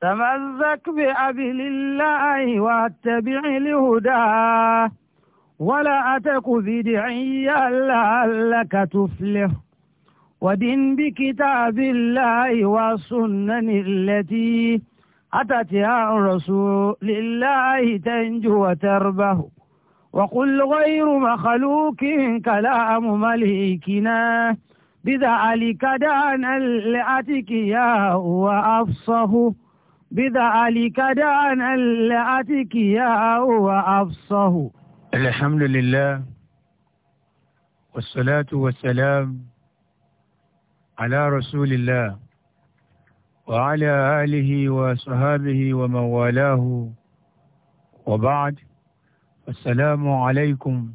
تمزك بأبل الله واتبع لهداه ولا أتك بدعيا لعلك تفلح ودن بكتاب الله والسنن التي أتت يا رسول الله تنجو وتربه وقل غير مخلوق كلام مليكنا بذلك دان لأتك يا وأفصه بذلك دعنا لأتك يا وأفصه الحمد لله والصلاة والسلام على رسول الله وعلى آله وصحابه ومن والاه وبعد السلام عليكم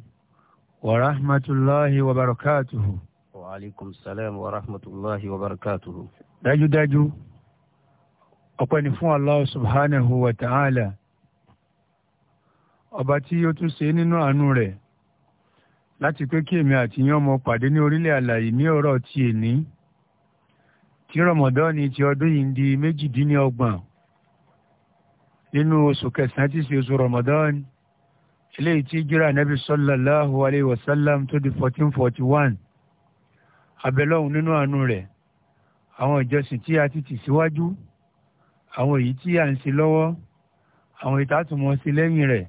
ورحمة الله وبركاته وعليكم السلام ورحمة الله وبركاته داجو داجو ọpẹ́ ni fún Allah subhanahu wa ta'ala ọba tí ó tún ṣe nínú àánú rẹ̀ láti pé kí èmi àti yín ọmọ pàdé ní orílẹ̀ àlàyé ní ọ̀rọ̀ ti èní tí rọmọdọ́ọ̀nì ti ọdún yìí ń di méjìdínlọ́gbọ̀n nínú oṣù kẹsàn-án tí ṣe oṣù rọmọdọ́ọ̀nì eléyìí tí jíra nẹ́bí sallallahu alayhi wa sallam tó di fourteen forty one abẹ́lọ́hùn nínú àánú rẹ̀ àwọn ìjọsìn tí a ti tì síwájú. Si àwọn èyí tí à ń ṣe lọ́wọ́ àwọn èyí tààtù mọ́ sí lẹ́yìn rẹ̀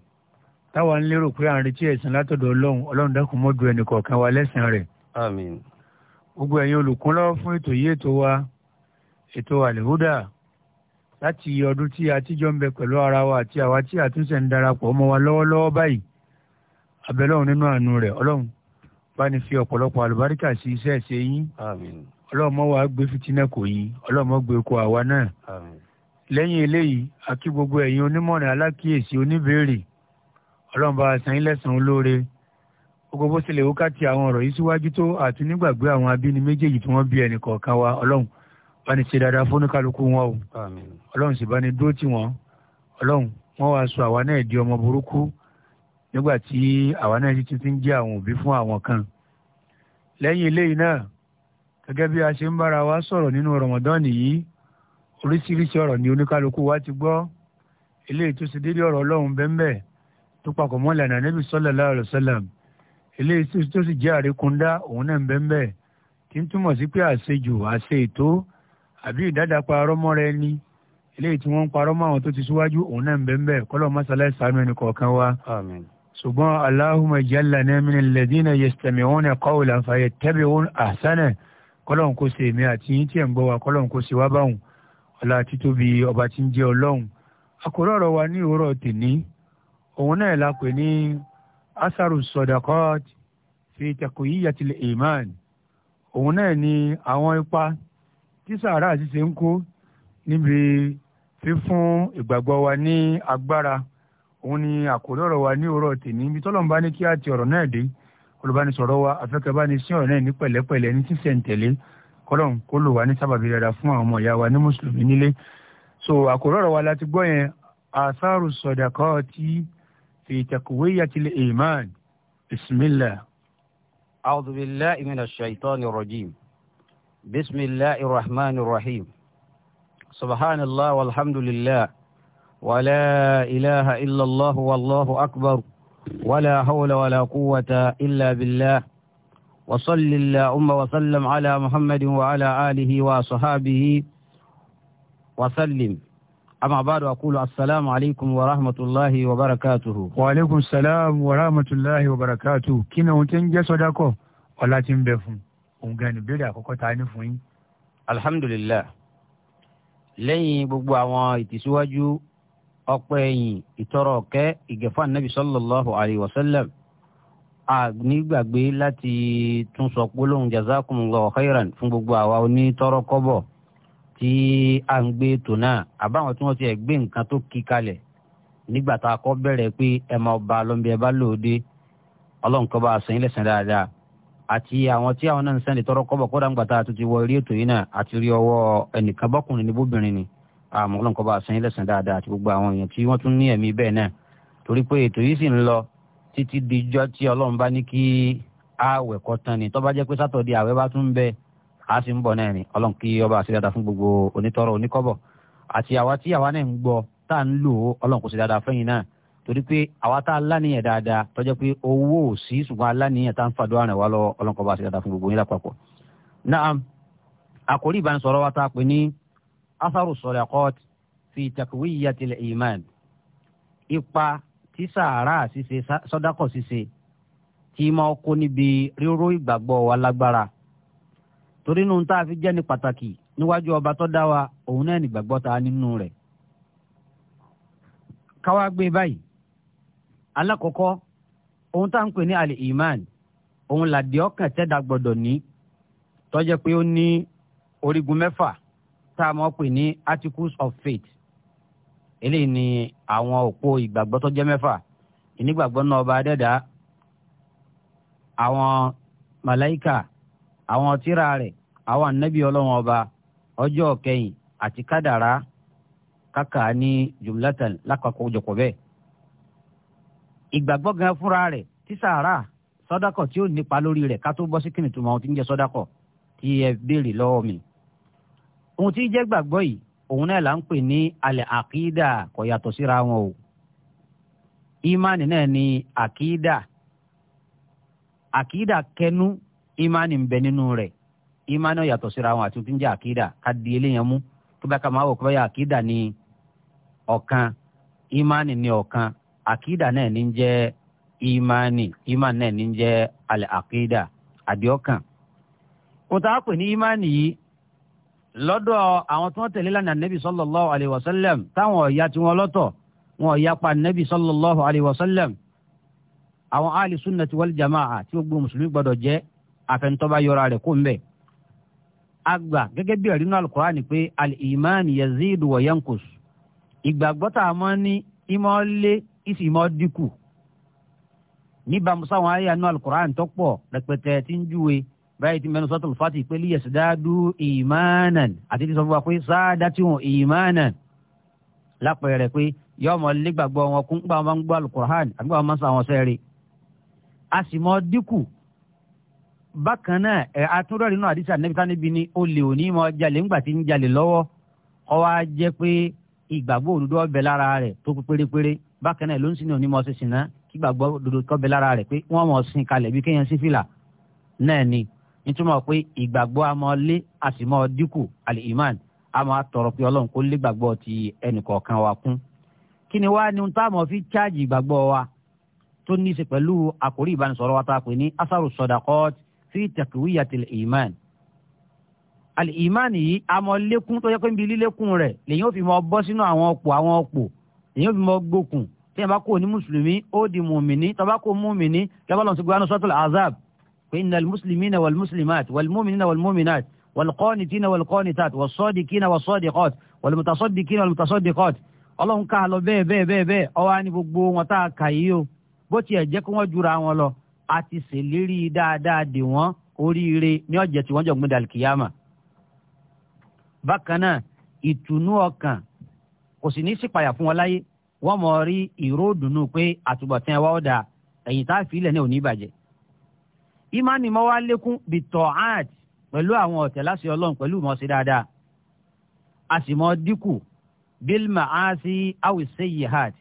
táwa ń lérò pé à ń retí ẹ̀sìn látọ̀dọ̀ ọlọ́run ọlọ́run dákun mọ́ ju ẹnìkọ̀ọ̀kan wa lẹ́sìn rẹ̀. àmín. gbogbo ẹ̀yin olùkúnlọ́wọ́ fún ètò yìí ètò wa ètò àlèhúdà láti ọdún tí a tíjọ́ ń bẹ pẹ̀lú ara wa àti àwa tí àtúnṣe ń darapọ̀ mọ́ wa lọ́wọ́lọ́wọ́ báyìí abẹ́lọ́run nínú àánú rẹ̀ ọlọ́run bá ní fi ọ̀pọ̀lọpọ̀ àlùbáríkà sí iṣẹ́ ṣe yín ọlọ́run mọ́ wa gbé fitinẹ́ kò yín ọlọ́run mọ́ gbé kó àwa náà. àmín lẹ́yìn eléyìí àkí gbogbo ẹ̀yin onímọ̀ràn alákìyèsí oníbèrè ọlọ́run bá san yín lẹ́san olóore gbogbo bó tilẹ̀ wóká ti àwọn ọ̀rọ̀ yìí síwájú tó àti nígbàgbé àwọn abíni méjèèjì tí wọ́n bí ẹnì kọ̀ọ̀kan wa ọlọ́run bá ní ṣe dáadáa fún oníkálukú wọn o ọlọ́run sì bá ní dúró tì wọ́n ọlọ́run wọ́n wá sọ àwa náà di ọmọ burúkú nígbà tí àwa náà ti ti ń jẹ́ àwọn òbí fún àwọn kan lẹ́yìn eléyìí náà gẹ́gẹ́ bí a ṣe ń bára wa sọ̀rọ̀ nínú Ramadan yìí oríṣiríṣi ọ̀rọ̀ ni oníkálukú wa ti gbọ́ eléyìí tó ṣe déédéé ọ̀rọ̀ ọlọ́run bẹ́ẹ̀ tó papọ̀ mọ́ ìlànà níbi sallallahu alaihi wasallam eléyìí tó sì jẹ́ àríkúndá òun náà bẹ́ẹ̀ tí ń túmọ̀ sí pé àṣejù àṣe ètò àbí ìdádàpá arọ́mọ́ rẹ ni eléyìí tí wọ́n ń parọ́ mọ́ àwọn tó ti síwájú òun náà bẹ́ẹ̀ kọ́lọ́ mọ́sálá ìsàánú ẹnì kọ̀ọ̀kan wa. ṣùgbọ́n ọlá títóbi ọba tí ń jẹ́ ọlọ́run àkórè ọ̀rọ̀ wa ní òwúrọ̀ tèní òun náà la pè ní asaru sọdakọt fi takuyiyatil iman òun náà ni àwọn ipa tí sàárà ṣíṣe ń kó níbi fífún ìgbàgbọ́ wa ní agbára òun ni àkórè ọ̀rọ̀ wa ní òwúrọ̀ tèní ibi tọ́lọ́mùbá ní kí á ti ọ̀rọ̀ náà dé olùbánisọ̀rọ̀ wa afẹ́kẹ́bánisí ọ̀rọ̀ náà ní pẹ̀lẹ́pẹ̀lẹ́ ní sísẹ̀ntẹ̀lé kọ́lọ́n kó lò wá ní sábàbí rẹ̀ fún àwọn ọmọ ìyá wa ní mùsùlùmí nílé so àkòrò ọ̀rọ̀ wa láti gbọ́ yẹn àsáàrù sọ̀dàkọ́ ti fi taqwiyati iman bismillah. a'udhu billahi minash shaitani rajim bismillahi rahmani rahim subhanallah walhamdulillah wala ilaha illallah wallahu akbar wala hawla wala quwwata illa billah. وصل اللهم وسلم على محمد وعلى آله وصحابه وسلم أما بعد أقول السلام عليكم ورحمة الله وبركاته وعليكم السلام ورحمة الله وبركاته كنا ونتنجى صدقه ولا تنبفون ونغاني بيرا كوكو تاني فوين الحمد لله lẹ́yìn gbogbo àwọn ìtẹ̀síwájú ọpẹ́ ẹ̀yìn ìtọ́rọ̀ ọ̀kẹ́ ìgẹ̀fà nàbì sallallahu alayhi wa àgbàgbé láti tún sọ pé lóhùn jazakumullahu khairan fún gbogbo àwa onítọ́rọ́ kọ́bọ̀ tí à ń gbé ètò náà àbáwọn tí wọ́n ti ẹ̀ gbé nǹkan tó kí kalẹ̀ nígbà tá a kọ́ bẹ̀rẹ̀ pé ẹ máa ba lọ́nbi ẹ bá lòde ọlọ́run kọ́ bá a sẹ́yìn lẹ́sẹ̀ dáadáa àti àwọn tí àwọn náà ń sẹ́ni tọ́rọ́ kọ́bọ̀ kódà ńgbà tá a tún ti wọ eré ètò yìí náà àti rí ọwọ́ ẹnìkan bọ́kùnrin ní bóbìnrin ni àmọ́ ọlọ́run kọ́ bá a sẹ́yìn lẹ́sẹ̀ dáadáa àti gbogbo àwọn èèyàn tí wọ́n tún ní ẹ̀mí bẹ́ẹ̀ náà torí pé ètò yìí sì ń lọ títí dijọ́ tí ọlọ́run bá ní kí ààwẹ̀ kó tán ni tó bá jẹ́ pé sátọ̀dí ààwẹ̀ bá tún bẹ a sì ń bọ̀ náà ni ọlọ́run kí ọba àti dáadáa fún gbogbo onítọ́rọ̀ oníkọ́bọ̀ àti àwa tí àwa náà ń gbọ́ tá à ń lò ó ọlọ́run kò sí dáadáa fẹ́yìn náà torí pé àwa tá a lánìyàn dáadáa tó jẹ́ pé owó ò sí ṣùgbọ́n alánìyàn tá ń fàdó àrùn wa lọ ọlọ́run kó bá àti dáadáa fún gbogbo ipa tí sàárà ṣíṣe sọ́dákọ̀ ṣíṣe tí máa kó níbi ríró ìgbàgbọ́ wa lágbára torí nu tá a fi jẹ́ ní pàtàkì níwájú ọba tó dá wa òun náà nígbàgbọ́ ta nínú rẹ̀ káwá gbé báyìí alákọ̀ọ́kọ́ ohun tá à ń pè ní àlè iman òun làdí ọkàn tẹ́dà gbọ́dọ̀ ní tó jẹ́ pé ó ní orígun mẹ́fà tá a máa pè ní articles of faith eléyìí ni àwọn òpó ìgbàgbọ́ tó jẹ́ mẹ́fà ìnígbàgbọ́ náà ọba adẹ́dá àwọn màláìkà àwọn tíra rẹ̀ àwọn ànábì ọlọ́wọ́n ọba ọjọ́ kẹyìn àti kádàrá kàkà ní jùmùlátàn lákòókò jọ̀kọ̀ bẹ́ẹ̀. ìgbàgbọ́ gan fúnra rẹ̀ tí sàárà sọ́dákọ̀ tí ó nípa lórí rẹ̀ ká tó bọ́ sí kìnìtùmọ̀ ohun tí ń jẹ́ sọ́dákọ̀ tí ẹ béèrè lọ́wọ́ mi. ohun tí jẹ́ gbàgbọ́ yìí òun náà là ń pè ní alẹ́ àkídà kò yàtọ̀ síra wọn o ìmánì náà ni àkídà àkídà kẹnu ìmánì ń bẹ nínú rẹ̀ ìmánì yàtọ̀ síra wọn àti tí ń àkídà ká di eléyàn mú tó bá ká máa wò kó bá àkídà ọ̀kan ìmánì ni ọ̀kan àkídà lọ́dọ̀ àwọn tí wọ́n tẹ̀lé lánàá nẹ́bí sallallahu alayhi wa sallam táwọn ọ̀ya tí wọ́n lọ́tọ̀ wọn ọ̀ya pa nẹ́bí sallallahu alayhi wa sallam àwọn ahli sunnati wal jama'a tí gbogbo mùsùlùmí gbọdọ̀ jẹ́ àfẹnutọ́ba yọra rẹ̀ kó ń bẹ̀. àgbà gẹ́gẹ́ bí ẹ̀rí nínú al-Qur'ani pé al-iman yazidu wa yankus ìgbàgbọ́ tá a mọ́ ní ìmọ̀ lé ìsì ìmọ̀ dínkù níbàámu sáwọn ayé báyìí ti mẹ́nu sọ́tò fati pé lè yẹ̀sìdádú ìmánan àti ti sọ fún wa pé sáádá tí wọn ìmánan lápẹẹrẹ pé yóò mọ nígbàgbọ́ wọn kún gbà wọn gbọ́ alukur'an àbí wọn máa ń sọ àwọn sẹ́ẹ̀rì a sì mọ dínkù bákan náà ẹ̀ atúndọ̀rì náà àdìsí ànẹ́bí sáníbi ni olè òní mọ jalè ńgbà tí ń jalè lọ́wọ́ kọ́ wa jẹ́ pé ìgbàgbọ́ òdodo ọbẹ̀ lára rẹ̀ tó pérépéré bákan náà ló ń sin ní onímọ̀ sísìn náà kí ìgbàgbọ́ òdodo kọ́bẹ̀ lára rẹ̀ pé wọ́n mọ̀ sin kalẹ̀ bí kéèyàn sí náà ni nítumọ̀ pé ìgbàgbọ́ àmọ́ lé àsìmọ́ dínkù al-iman àmọ́ àtọ̀rọ̀ pé ọlọ́run kó lé gbàgbọ́ ti ẹnìkọ̀ọ̀kan wa kún. kí ni wàá ní ohun táwọn fi cháàjì ìgbàgbọ́ wa tó ní í ṣe pẹ̀lú àkórí ìbánisọ̀rọ̀ wa tá a pè ní asaru sadaqat fi taqwiyatil iman. al-iman yìí àmọ́ lékún tó yẹ pé ń bi lílékún rẹ̀ lèyìn ó fi mọ bọ́ sínú àwọn ọ̀pọ̀ àwọn ọ̀pọ̀ lèyìn ó fi mọ gbókùn tí yẹn bá kó ní mùsùlùmí ó di mùmìnì tó bá kó mùmìnì lọ́bàlọ́sí gbaná sọ́tò azab فإن المسلمين والمسلمات والمؤمنين والمؤمنات والقانتين والقانتات والصادقين والصادقات والمتصدقين والمتصدقات ọlọ́run ká lọ bẹ́ẹ̀ bẹ́ẹ̀ bẹ́ẹ̀ bẹ́ẹ̀ ọwọ́ ni gbogbo wọn tá a kà yìí o bó tiẹ̀ jẹ́ kí wọ́n jura wọn lọ a ti ṣèlérí dáadáa dè wọ́n oríire ní ọ̀jẹ̀ tí wọ́n jọ gbé dàlùkìyàmà. bákan náà ìtùnú ọkàn kò sì ní sípayà fún wọn láyé wọ́n mọ̀ rí ìró dùnú pé àtúbọ̀tán ẹ wá ọ̀dà ẹ̀yìn tá a fi ilẹ̀ náà ò ní bàjẹ́ ìmánì mọ́ wá lékún bí tọ́ art pẹ̀lú àwọn ọ̀tẹ̀ láti ọlọ́run pẹ̀lú ìmọ̀ sí dáadáa a sì mọ́ dínkù bílmà á sí àwìsẹ́ yìí hàt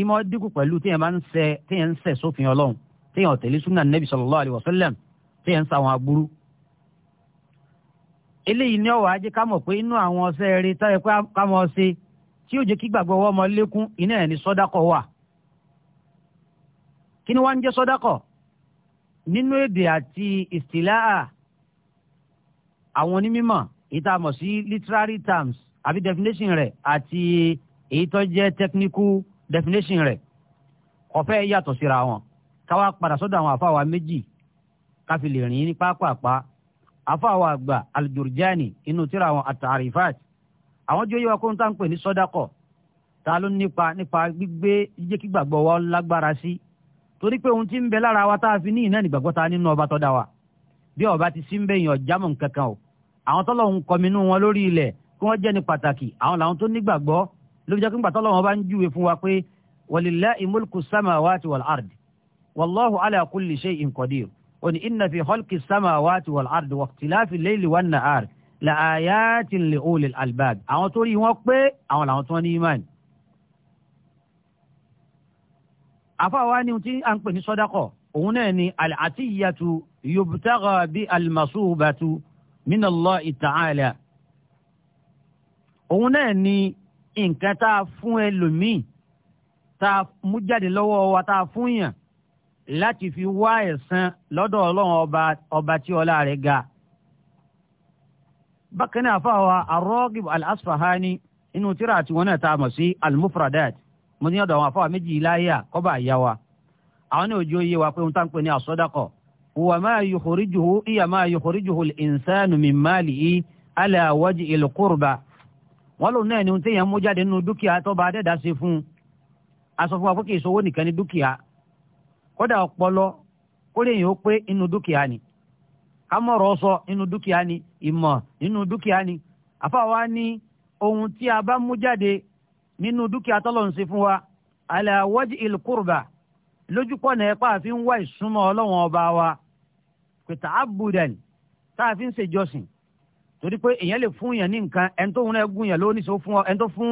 ìmọ̀ dínkù pẹ̀lú téèyàn bá ń ṣẹ téèyàn ń ṣẹ̀ sófin ọlọ́run téèyàn ọ̀tẹ̀lé súnà nẹ́bí sallallahu alaihi wasallam téèyàn ń sa àwọn aburú. eléyìí ní ọ̀wọ́ ajé ká mọ̀ pé inú àwọn ọ̀sẹ̀ eré táyẹ̀ pé ká mọ̀ ṣe tí yóò jẹ́ nínú èdè àti ìsìláà àwọn onímọ̀ èyí tá a mọ̀ sí literary terms àbí definition rẹ̀ àti èyí tó jẹ́ technical definition rẹ̀ kò fẹ́ yàtọ̀ síra wọn káwá padà sọ́dọ̀ àwọn àfáwà méjì káfi lè rìn ní pápápá àfáwà àgbà aljurjani inú tíra àwọn àtàrífàt àwọn jẹ́ yíwa kó ń tán pè ní sọ́dákọ̀ ta ló nípa nípa gbígbé jíjẹ́ kígbàgbọ́ wa lágbára sí torí pé ohun tí ń bẹ lára wa tá a fi ní ìnáà nígbàgbọ́ ta nínú ọba tọ́da wa bí ọba ti sí ń bẹ èèyàn jámọ̀ kankan o àwọn tọ́lọ̀ ń kọminú wọn lórí ilẹ̀ kí wọ́n jẹ́ ní pàtàkì àwọn làwọn tó nígbàgbọ́ ló fi jẹ́ pé gbàtọ́lọ̀ wọn bá ń júwe fún wa pé walillahi mulku samawati wal ard wallahu ala kulli shay'in qadir ní inna fi khalqi samawati wa ikhtilafi layli wan nahar la àfàwa ni ti à ń pè ní sọdakọ òun náà ni àtìyàtú yòbùtàkà bí alimasuubatu minallahi ta'ala òun náà ni nǹkan tá a fún ẹlòmíì tá a mú jáde lọ́wọ́ wa tá a fún yàn láti fi wá ẹ̀san lọ́dọ̀ ọlọ́run ọba ọba tí ọlá rẹ̀ ga bákan náà àfàwa arọ́gìb al-asfahani inú tíra àti wọn náà tá mọ̀ sí al-mufradat mo ní ọ̀dọ̀ àwọn afáwà méjì iláyà kọ́bà àyà wa àwọn ní òjò yé wa pé ohun tá ń pè ní àsọdakọ̀ wà máa yukhrijuhu ìyà máa yukhrijuhu al-insanu min malihi ala wajhil qurba wọ́n lòun náà ni ohun téèyàn mú jáde nínú dúkìá tó bá dẹ́dá sí fún un a sọ fún wa pé kì í sọ nìkan ní dúkìá kódà ọpọlọ kó lè yàn ó pé inú dúkìá ni kámọ̀rọ̀ sọ inú dúkìá ni ìmọ̀ inú dúkìá ni àfáwa ní ohun tí a bá mú jáde nínú dúkìá tọ́lọ̀ ń fún wa aláwọ́jì ìlkùrbà lójúpọ̀ náà ẹ̀pá àfi ń wá ìsúnmọ́ ọlọ́wọ́n ọba wa pẹ̀tà abudan tá a fi ń ṣèjọsìn torí pé èèyàn lè fún yẹn ní nǹkan ẹni tó ń rẹ́ gùn yẹn ló ní sọ fún ọ ẹni tó fún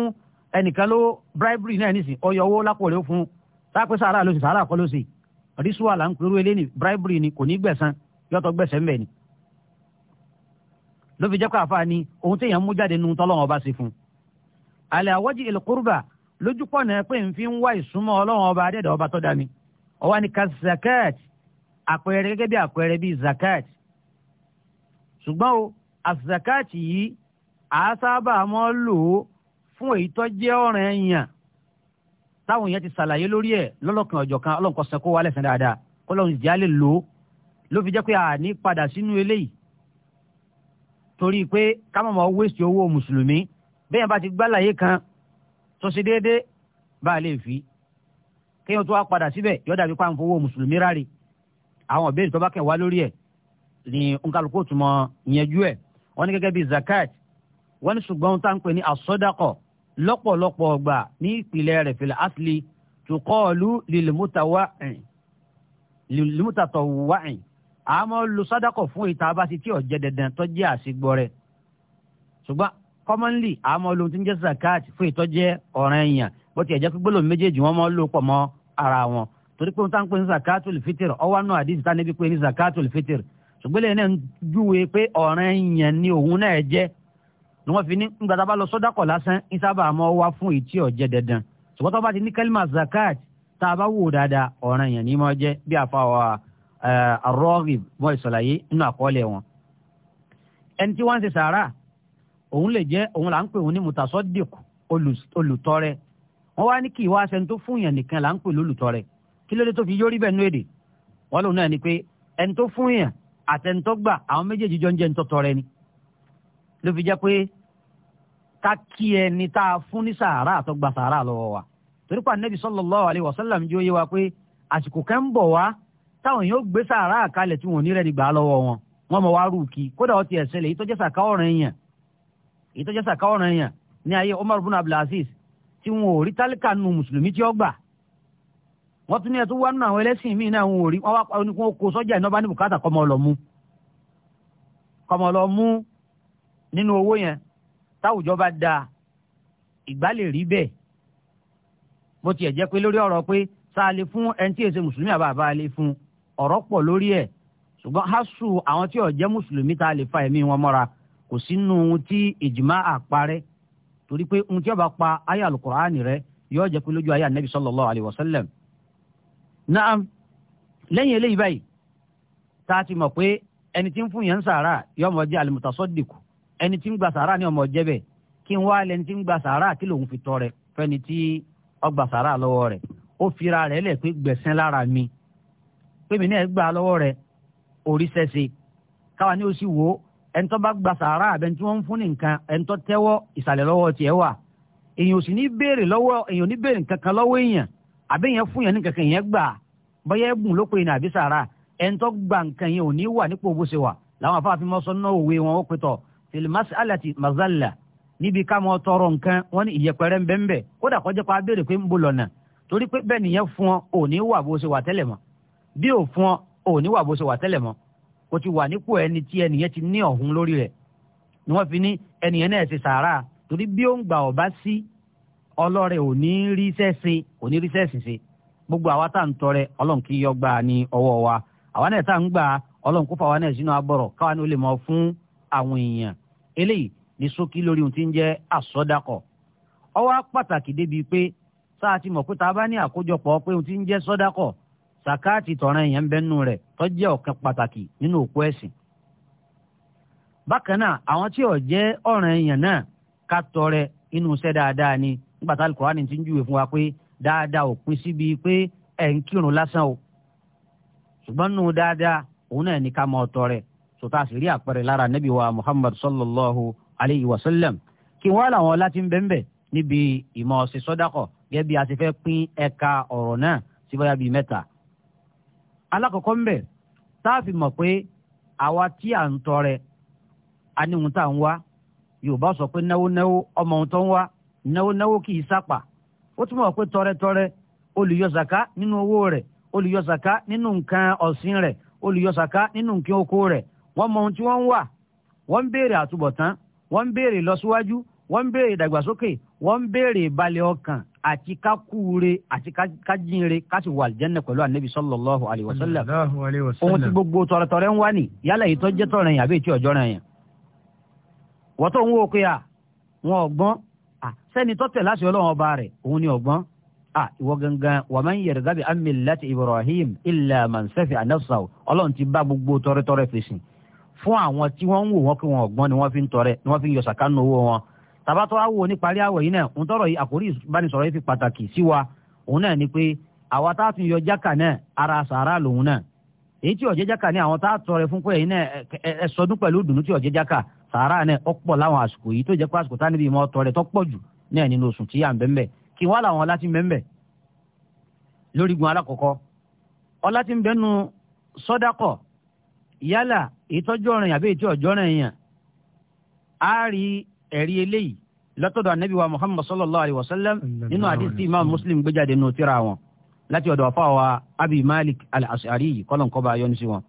ẹnìkan ló bribery náà nísìn ọyọ owó lápò rẹ fún un tá a pé sàárà ló sì sàárà kọ́ ló sì ríṣùwà là ń perú eléyìí bribery ni kò ní gbẹ̀san yọtọ̀ gbẹ̀sẹ̀ ńbẹ̀ ni ló fi jẹ́ pé àfa ni ohun téèyàn mú jáde nu tọ́lọ́wọ́n ọba ṣe fún un ala waji il qurba lójú pọ̀nà pé n fi ń wá ìsúnmọ́ ọlọ́run ọba adẹ́dàá ọba tó dá mi ọwọ́ ni ka zakat àpẹẹrẹ gẹ́gẹ́ bí àpẹẹrẹ bíi zakat ṣùgbọ́n o azakat yìí a sábà máa lò ó fún èyí tó jẹ́ ọ̀ràn èèyàn táwọn èèyàn ti ṣàlàyé lórí ẹ̀ lọ́lọ́kan ọ̀jọ̀ kan ọlọ́run kò kó wálẹ̀ sàn dáadáa kó lọ́run ìjà lè lò ó ló fi jẹ́ pé àní padà sínú eléyìí torí pé ká má máa waste owó mùsùlùmí bẹ́ẹ̀ bá ti gbálàyé kan tó ṣe déédéé bá a lè fi kéèyàn tó wá padà síbẹ̀ yọ̀ọ́ dàbí pa nfowó mùsùlùmí rárẹ̀ àwọn ìbéèrè tó bá kẹ̀ wá lórí ẹ̀ ni nkálukú tùmọ̀ yẹnjú ẹ̀ wọ́n ní gẹ́gẹ́ bí zakat wọ́n ní ṣùgbọ́n tá à ń pè ní asọ́dàkọ̀ lọ́pọ̀lọpọ̀ ọgbà ní ìpìlẹ̀ rẹ̀ fìlà asli tukọ́ọ̀lù lìlìmùtàtọ̀wáìn àmọ́ lu sọ́dàkọ̀ fún ìta bá ti tí ò jẹ́ dandan tó jẹ́ àṣegbọ́ rẹ̀ ṣùgbọ́n commonly àmọ́ lóhun tí ń jẹ́ zakat fún ìtọ́jẹ́ ọ̀ràn èèyàn bó ti ẹ̀jẹ̀ gbólò méjèèjì wọn mọ́ lò pọ̀ mọ́ ara wọn torí pé wọn tá ń pè ní zakatul fitr ọwọ́ náà àdìsí tá níbi pé ní zakatul fitr ṣùgbọ́n lẹ́yìn náà ń júwe pé ọ̀ràn èèyàn ni òun náà jẹ́ ni wọ́n fi ní gbàtà bá lọ sọ́dákọ̀ lásán ní sábà àmọ́ wá fún ìtí ọ̀jẹ̀ dandan ṣùgbọ́n tó bá ti ní ni mọ́ jẹ́ bí àfàwà eh, arọ́ọ̀gì mọ́ ìsọ̀làyé nínú àkọọ́lẹ̀ wọn òun lè jẹ́ òun là ń pè òun ní mutasaddiq olùtọrẹ wọn wá ní kí ìwà aṣẹni tó fún yàn nìkan là ń pè lólùtọrẹ kí ló dé tó fi yọrí bẹ́ẹ̀ nú èdè wọn lòun náà ni pé ẹni tó fún yàn àtẹni àwọn méjèèjì jọ ń jẹ́ ní tọ́tọrẹ ni ló fi jẹ́ pé ká kí ẹni tá a fún ní sàárà àtọ́gbà sàárà lọ́wọ́ wa torí pa nẹ́bí sallallahu alaihi wasallam jó yé wa pé àsìkò kan ń bọ̀ wá táwọn yóò gbé sàárà kalẹ̀ tí wọn ò ní rẹ̀ nígbà lọ́wọ́ wọn wọn mọ̀ wá rúùkì kódà ọtí ẹ̀sẹ̀ lè yí tọ́jẹ́ sàkáwọ̀rìn yàn ìtọ́jẹ́ sàká ọ̀ràn èèyàn ní ayé Omar bin Abdulaziz tí wọn ò rí tálíkà nù mùsùlùmí tí ó gbà wọ́n tún ní ẹtú wá nínú àwọn ẹlẹ́sìn míì náà wọn ò rí wọ́n wá wọn kó sọ́jà iná bá ní bùkátà kọ́mọ lọ mú kọ́mọ lọ mú nínú owó yẹn táwùjọ bá da ìgbà lè rí bẹ́ẹ̀ bó tiẹ̀ jẹ́ pé lórí ọ̀rọ̀ pé sáà lè fún ẹni tí èsè mùsùlùmí àbáàbá lè fún ọ̀rọ̀ pọ̀ lórí ẹ̀ ṣùgbọ́n hásù àwọn tí ò jẹ́ mùsùlùmí tá lè fa ẹ̀mí wọn mọ́ra kò sínú ohun tí ìjìmá àparẹ́ torí pé ohun tí ó bá pa ayé alukur'ani rẹ yóò jẹ́ pé lójú ayé anabi sallallahu alayhi wa naa lẹ́yìn eléyìí báyìí tá a ti mọ̀ pé ẹni tí ń fún yẹn ń sàárà yóò mọ̀ jẹ́ alimutasaddiku ẹni tí ń gba sàárà ni ọmọ kí n wá lẹni tí fira rẹ pé mi pé mi náà gbà orí káwa ni ó ẹ̀ńtọ́ bá gba sàárà àbẹ̀ntí wọ́n ń fún ní nǹkan ẹ̀ńtọ́ tẹ́wọ́ ìsàlẹ̀ lọ́wọ́ tiẹ̀ wà èèyàn ò sì ní béèrè lọ́wọ́ èèyàn ò ní béèrè nǹkan kan lọ́wọ́ èèyàn àbí èèyàn fún yẹn ní kankan yẹn gbà bóyá ẹ̀bùn ló pe ní àbí sàárà ẹ̀ńtọ́ gba nǹkan yẹn ò ní wà nípò bó ṣe wà làwọn afáàfin mọ́ sọ́nà òwe wọn ó pe tọ̀ tèlémàsì alàti mazalla níbi ká mọ́ tọrọ nǹkan wọ́n ní ìyẹpẹrẹ ńbẹ́ńbẹ́ kódà kọjá pa béèrè pé ń bo lọ́nà torí pé bẹ́ẹ̀ nìyẹn fún ọ ò wà bó ṣe wà tẹ́lẹ̀ mọ́ bí ò fún ọ ò wà bó ṣe wà tẹ́lẹ̀ mọ́ o ti wà nípò ẹni tí ẹnìyẹn ti ní ọ̀hún lórí rẹ̀ ni wọ́n fi ní ẹnìyẹn náà ṣe sàárà torí bí ó ń gbà ọ̀bá sí ọlọ́rẹ̀ ò ní rí sẹ́sìn ò ní rí sẹ́sìn ṣe gbogbo àwa tá à ń tọrẹ ọlọ́run kì í yọ gbà ní ọwọ́ wa àwa náà tá à ń gbà ọlọ́run kó fà wá náà sínú abọ́rọ̀ káwa ni ó lè mọ fún àwọn èèyàn eléyìí ní ṣókí lórí ohun tí ń jẹ́ àsọdakọ̀ ọwọ́ pàtàkì débi pé sáà ti mọ̀ pé tá bá ní àkójọpọ̀ pé ohun tí ń jẹ́ sọdakọ̀ sàkáàtì tọ̀ràn èèyàn bẹ́ẹ̀ nù rẹ̀ tó jẹ́ ọ̀kan pàtàkì nínú òkú ẹ̀sìn. bákan náà àwọn tí ò jẹ́ ọ̀ràn èèyàn náà ká tọrẹ inú iṣẹ́ dáadáa ni nígbà tá Al-Kùránì ti ń júwe fún wa pé dáadáa ò pín síbi pé ẹ̀ ń kírun lásán o ṣùgbọ́n nù dáadáa òun náà ní ká mọ tọrẹ sọtá sì rí àpẹẹrẹ lára Nábì wa Muhammad sallallahu alayhi wa sallam kí wọ́n làwọn ọlá ti ń bẹ́ńbẹ́ níbi ìmọ̀ ọ̀sìn sọ́dákọ̀ gẹ́gẹ́ bí a ti fẹ́ pín ẹ̀ka ọ̀rọ̀ náà síbáyà bíi mẹ́ta alákọ̀ọ́kọ́ ń bẹ̀ tá a fi mọ̀ pé àwa tí à ń tọrẹ a ní ohun tá à ń wá yorùbá sọ pé náwó náwó ọmọ ohun tó ń wá náwó náwó kì í sápà ó túmọ̀ pé tọrẹtọrẹ olùyọsàká nínú owó rẹ̀ olùyọsàká nínú nǹkan ọ̀sìn rẹ̀ olùyọsàká nínú nǹkan oko wọ́n mọ ohun wọ́n ń wọ́n ń béèrè wọ́n ń béèrè wọ́n ń béèrè wọ́n ń béèrè ìbalẹ̀ ọkàn àti kákúure àti kájínre káti wà àlìjẹ́nà pẹ̀lú ànábì sallallahu alaihi wasallam ohun tí gbogbo tọrẹtọrẹ ń wá ní yálà yìí tó jẹ́ tọrẹ yẹn àbí ètí ọjọ́ rẹ̀ yẹn wọ́n tó ń wò ó pé wọn ọ̀gbọ́n sẹ́ni tọ́tẹ̀ láti ọlọ́run ọba rẹ̀ òun ni ọ̀gbọ́n ìwọ gangan wà máa ń yẹ̀rẹ̀ gábì amíl Ibrahim ilà mànsẹ́fì anafsaw ọlọ́run ti bá gbogbo tọrẹtọrẹ fèsì fún àwọn tí wọ́n ń wò wọ́n pé wọn ọ̀gbọ́n ni wọ́n fi ń tọrẹ ni wọ́n fi ń yọ sàkánú owó wọn tàbá tó wáwò ní parí àwẹ̀ yìí náà ń tọrọ yìí àkórí ìbánisọ̀rọ̀ yìí fi pàtàkì sí wa òun náà ni pé àwa tá a tún yọ jákà náà ara sàárà lòun náà èyí tí ọ̀jẹ́ jákà ní àwọn tá a tọrẹ fún pé ẹ̀yin náà ẹ sọdún pẹ̀lú ìdùnnú tí ọ̀jẹ́ jákà sàárà náà ọ̀pọ̀ láwọn àsìkò yìí tó jẹ́ pé àsìkò tánibí mọ́ tọrẹ tó pọ̀ jù náà nínú oṣù tí à ń ẹ̀rí eléyìí lọ́tọ̀dọ̀ anabi wa muhammad sallallahu alayhi wa sallam nínú àdìsí imam muslim gbéjáde nínú tíra wọn láti ọ̀dọ̀ afa wa abi malik al-ashari kọ́lọ̀nkọ́ba ayọ́nu sí wọn.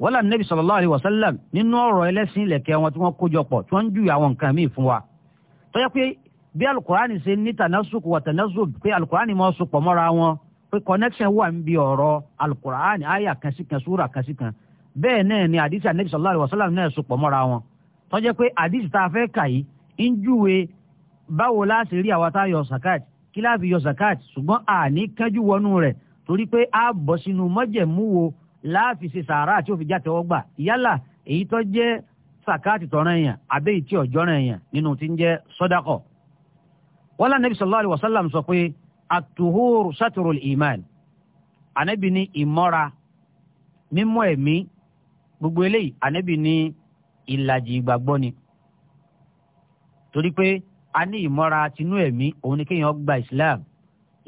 wọ́n lànà nabi sallallahu alayhi wa sallam nínú ọ̀rọ̀ ẹlẹ́sìn ilẹ̀kẹ́ wọn tí wọ́n kó jọpọ̀ tí wọ́n ń júwe àwọn nǹkan míì fún wa. tó yẹ pé bí alukurani ṣe ní tanasuk wa tanasuk pé alukurani mọ́ sopọ̀ mọ́ra wọn pé connection wà ń bi ọ̀rọ̀ alukurani aya kan sí kan súra kan sí kan bẹ́ẹ̀ náà ni àdìsí anabi sallallahu alayhi wa sallam náà sopọ̀ mọ́ra wọn tó jẹ́ pé àdìsí tá a fẹ́ kà yìí ń júwe báwo láti rí àwa tá a yọ zakat kí láàfi yọ zakat ṣùgbọ́n àní kánjú wọnú rẹ̀ torí pé a bọ̀ sínú mọ́jẹ̀mú wo láàfi ṣe sàárà tí ó fi jàtẹ̀wọ́ gbà yálà èyí tó jẹ́ zakat tọ̀ràn èèyàn àbẹ́ ìtì ọ̀jọ́ràn èèyàn nínú tí ń jẹ́ sọ́dákọ̀ wọ́n lá nàbì sallallahu alaihi wasallam sọ pé atuhuru saturul iman anabi ni ìmọ́ra mímọ́ ẹ̀mí gbogbo eléyìí anabi ni ìlàjì ìgbàgbọ́ ni torí pé a ní ìmọ́ra tinú ẹ̀mí òun ni kéèyàn gba islam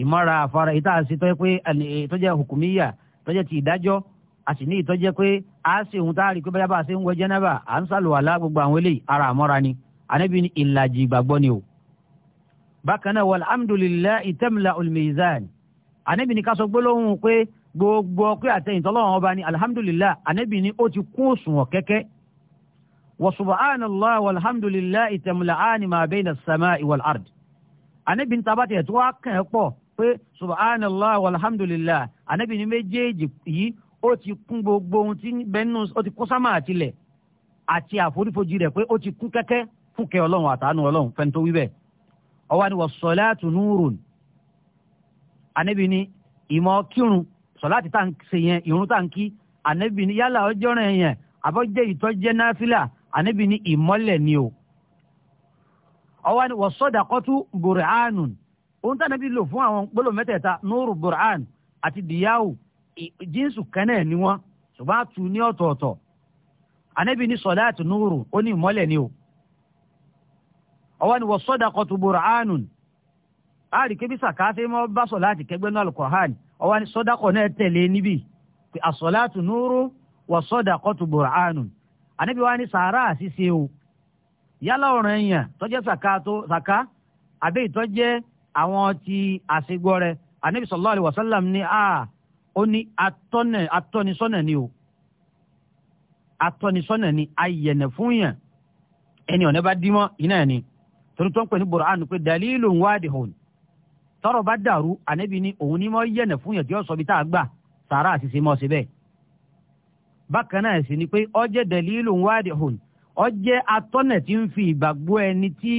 ìmọ́ra àfara ìta àti tọ́jẹ́ pé ìtọ́jẹ́ hukumiya tọ́jẹ́ ti ìdájọ́ a sì ní ìtọ́jẹ́ pé a ṣe òun tá a rí pé báyà bá a ṣe ń wọ jẹ́nẹ́bà à ń sàlùwàlá gbogbo àwọn eléyìí ara àmọ́ra ni ànábì ní ìlàjì ìgbàgbọ́ ni o bákan náà walhamdulillahi tamla al-mizan ànábì ní ká gbólóhùn pé gbogbo ọpẹ́ àtẹ̀yìntọ́lọ́wọ́n ọba ni alhamdulillah ànábì ní ó ti kún òṣùwọ̀n kẹ́kẹ́ وسبحان الله والحمد لله تملعان ما بين السماء والأرض أنا بنت أباتي أتواك أقوى سبحان الله والحمد لله أنا بنت مجيجي ó ti kún gbogbo ohun tí bẹ́ẹ̀nù ó ti kún sámà àtilẹ̀ àti àforífojì rẹ̀ pé ó ti kún kẹ́kẹ́ fún kẹ́ ọlọ́run àtàánú ọlọ́run fẹ́ni tó wí bẹ́ẹ̀. ọwọ́ ni wọ́n sọ̀láàtù núrùn ànábì ni ìmọ̀ kírun sọ̀láàtì tá à ṣe yẹn ìrun tá à kí ànábì ni yálà ọjọ́ rẹ̀ yẹn àbọ̀jẹ́ ìtọ́jẹ́ náfìlà ànábì ní ìmọ́lẹ̀ ni o ọwọ́ ni wọ́sọ́dàkọ́tù burhanun ohun tí ànábì lò fún àwọn gbólóhùn mẹ́tẹ̀ẹ̀ta nuru burhan àti diyahu jíǹsù kẹ́nẹ̀ ni wọ́n ṣùgbọ́n àtú ní ọ̀tọ̀ọ̀tọ̀ ànábì ní sọ̀dáàtì nuru ó ní ìmọ́lẹ̀ ni o ọwọ́ ni wọ́sọ́dàkọ́tù burhanun àrí kébí sàkáfẹ́ mọ́ bá sọ̀láàtì kẹgbẹ́ náà alukọ̀hán ọwọ́ ni sọ́dàkọ̀ náà tẹ̀lé níbi àsọ̀láàtì nuru wọ́sọ́dàkọ́tù burhanun ànábì wa Sahara sàárà àṣìṣe o yálà ọ̀ràn èèyàn tọ́jẹ́ sàká àbí ìtọ́jẹ́ àwọn ti àṣegbọ́ rẹ̀ ànábì sallallahu alaihi wasallam ní a ó ní atọ́nisọ́nà ni o atọ́nisọ́nà ni ayẹ̀nẹ̀ fún yàn ẹni ọ̀nẹ́ bá dímọ́ iná ẹ̀ ni torí tó ń pè ní Qur'an pé dalilun wadihun tọ́rọ̀ bá dàrú ànábì ní òun ní mọ́ yẹ̀nẹ̀ fún yàn tí ó sọ bí tá a gbà sàárà àṣìṣe mọ́ síbẹ̀ bákan náà sì ni pé ọjẹ́ dẹ̀lílù wádìhùn ọjẹ́ atọ́nà tí ń fi ìgbàgbọ́ ẹni tí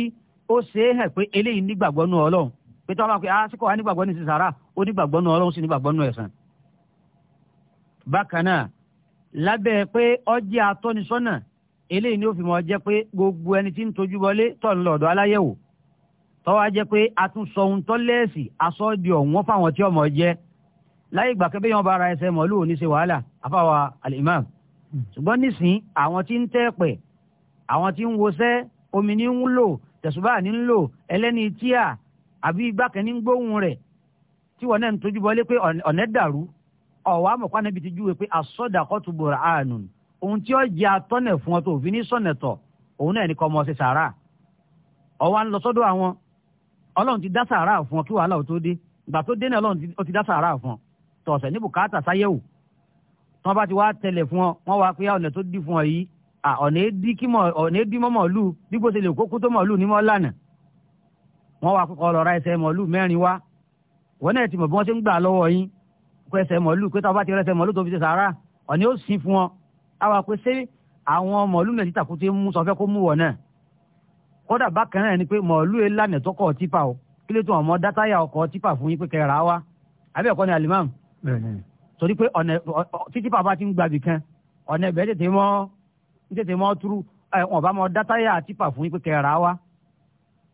ó ṣe é hàn pé eléyìí nígbàgbọ́ nù ọlọ́run pé tí bá pe àásìkò ah, wa nígbàgbọ́ ní sísàrà ó nígbàgbọ́ nù ọlọ́run sì nígbàgbọ́ nù ẹ̀sán. bákan náà lábẹ́ pé ọjẹ́ atọ́nisọ́nà eléyìí ni ó fi mọ́ jẹ́ pé gbogbo ẹni tí ń tojú wọlé tọ̀ ń lọ̀dọ̀ aláyẹ̀wò tọ́wọ́ jẹ́ pé atúnsọ ohun tọ́ lẹ́ẹ̀sì asọ́ di ọ̀wọ́n fáwọn tí ọmọ jẹ́ láyé ìgbà kẹ́bẹ́yàn bá ara ẹsẹ̀ mọ́ àfàwà alimam hmm. ṣùgbọ́n nísìn àwọn tí ń tẹ́ẹ̀pẹ̀ àwọn tí ń wọṣẹ́ omi ní ń lò tẹ̀sùbá ní ń lò ẹlẹ́ni tíà àbí igbákẹ́ ní ń gbóhùn rẹ̀ tí wọ́n náà ń tójú bọ́lé pé ọ̀nẹ́ dàrú ọ̀wọ́ àmọ̀pá níbi ti júwe pé àsọdàkọ́ tó bọ̀rọ̀ àánú ohun tí ó jẹ́ atọ́nẹ̀ fún ọ tó fi ní sọ̀nẹ̀tọ̀ òun náà ní kọ́ ọmọ ṣe sàárà ọwọ́ ń lọ sọ́dọ̀ àwọn ọlọ́run ti dá sàárà fún ọ kí wàhálà ò tó dé ìgbà tó dé náà ọlọ́run ti dá sàárà fún ọ tọ̀sẹ̀ ní bùkátà sáyẹ̀wò tí wọ́n bá ti wá tẹlẹ̀ fún ọ wọ́n wá pé ah, ọ̀nà tó dí fún ọ yìí ọ̀nà èdí kí mọ̀ ọ̀nà èdí mọ́ mọ̀lú dípò ṣe lè kókó tó mọ̀lú ní mọ́lànà wọ́n wá kọ́ lọ́ra ẹsẹ̀ mọ̀lú mẹ́rin wá wọ́n náà ti mọ̀ bí wọ́n ṣe ń gbà lọ́wọ́ yín kó ẹsẹ̀ mọ̀lú pé táwọn bá ti rẹ́ ẹsẹ̀ mọ̀lú tó fi ṣe sàárà ọ̀nà ó sì fún ọ àwa pé ṣé àwọn mọ̀lú náà títà kó mú sọ kó mú wọ̀ náà kódà bákan náà alimam torí pé ọ̀nà títí bàbá ti ń gbàbì kan ọ̀nà ẹ̀bẹ̀ tètè mọ́ tètè mọ́ túrú wọn bá mọ dátáyà àti pàfún yín pé kẹrà wa